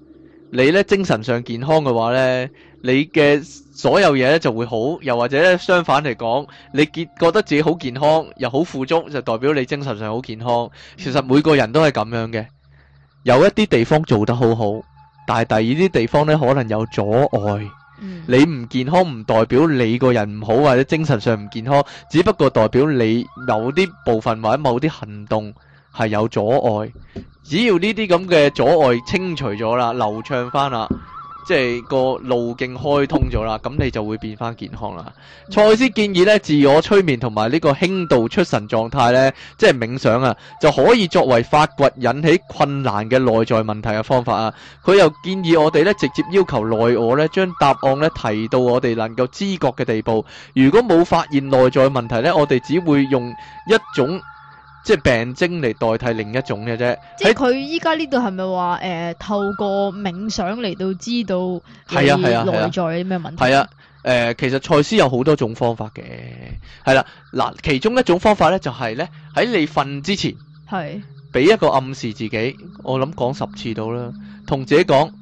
你呢精神上健康嘅話呢你嘅所有嘢，呢就會好；又或者呢相反嚟講，你健覺得自己好健康又好富足，就代表你精神上好健康，嗯。其實每個人都係咁樣嘅，有一啲地方做得好好，但係第二啲地方呢，可能有阻礙。嗯，你唔健康唔代表你個人唔好或者精神上唔健康，只不過代表你某啲部分或者某啲行動係有阻礙，只要呢啲咁嘅阻礙清除咗啦，流暢翻啦，即係個路徑開通咗啦，咁你就會變翻健康啦。賽、嗯、斯建議呢，自我催眠同埋呢個輕度出神狀態呢，即係冥想啊，就可以作為發掘引起困難嘅內在問題嘅方法啊。佢又建議我哋呢直接要求內我呢將答案呢提到我哋能夠知覺嘅地步。如果冇發現內在問題呢，我哋只會用一種。即係病徵嚟代替另一種嘅啫。即係佢依家呢度係咪話誒透過冥想嚟到知道係啊係啊內在有啲咩問題？係啊誒、啊啊啊啊呃，其實賽斯有好多種方法嘅，係、啊、啦，嗱，其中一種方法咧就係咧喺你瞓之前，係俾一個暗示自己，我諗講十次到啦，同自己講誒、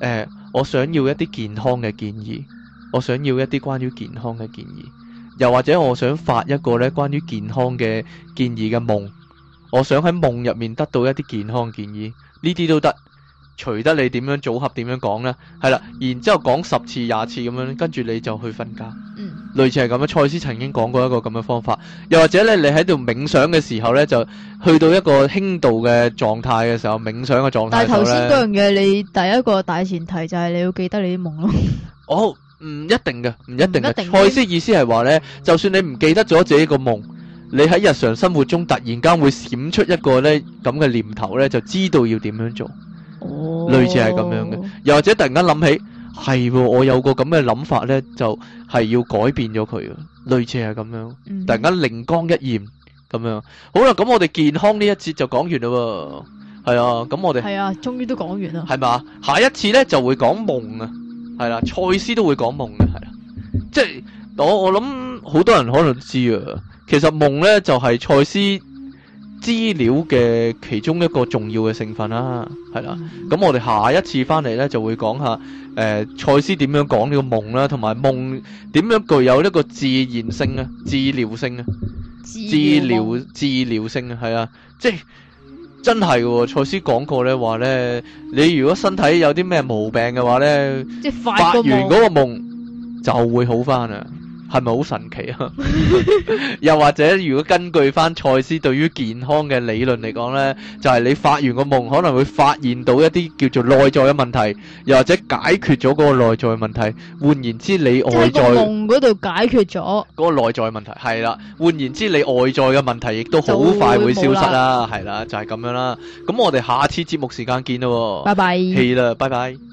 呃，我想要一啲健康嘅建議，我想要一啲關於健康嘅建議。又或者我想發一個咧關於健康嘅建議嘅夢，我想喺夢入面得到一啲健康的建議，呢啲都得，除得你點樣組合，點樣講呢？係啦，然之後講十次廿次咁樣，跟住你就去瞓覺。嗯，類似係咁樣，賽斯曾經講過一個咁嘅方法，又或者咧，你喺度冥想嘅時候呢，就去到一個輕度嘅狀態嘅時候，冥想嘅狀態。但係頭先嗰樣嘢，你第一個大前提就係你要記得你啲夢咯。哦。 唔一定嘅，唔一定嘅。賽斯意思係話咧，就算你唔記得咗自己個夢，你喺日常生活中突然間會閃出一個咧咁嘅念頭咧，就知道要點樣做。哦，類似係咁樣嘅，又或者突然間諗起係，我有個咁嘅諗法咧，就係要改變咗佢嘅，類似係咁樣。突然間靈光一現咁樣。好啦，咁我哋健康呢一節就講完啦。係啊，咁我哋係啊，終於都講完啦。係咪？下一次咧就會講夢啊。係啦，賽斯都會講夢嘅，係啦，即係我我諗好多人可能知啊。其實夢呢就係、是、賽斯資料嘅其中一個重要嘅成分啦，係啦。咁、嗯、我哋下一次翻嚟，呢就會講下誒賽、呃、斯點樣講呢個夢啦，同埋夢點樣具有一個自然性啊、治療性啊、治療治療性啊，係啊，即係。真係喎，賽斯講過咧話咧，你如果身體有啲咩毛病嘅話咧，發完嗰個夢就會好翻啊。」係咪好神奇啊？ 又或者，如果根據翻賽斯對於健康嘅理論嚟講呢，就係、是、你發完個夢可能會發現到一啲叫做內在嘅問題，又或者解決咗個個內在問題。換言之，你外在嘅嗰度解決咗嗰、那個內在問題，係啦。換言之，你外在嘅問題亦都好快會消失啦，係啦，就係咁、就是、樣啦。咁我哋下次節目時間見咯、哦，拜拜。啦、hey，拜拜。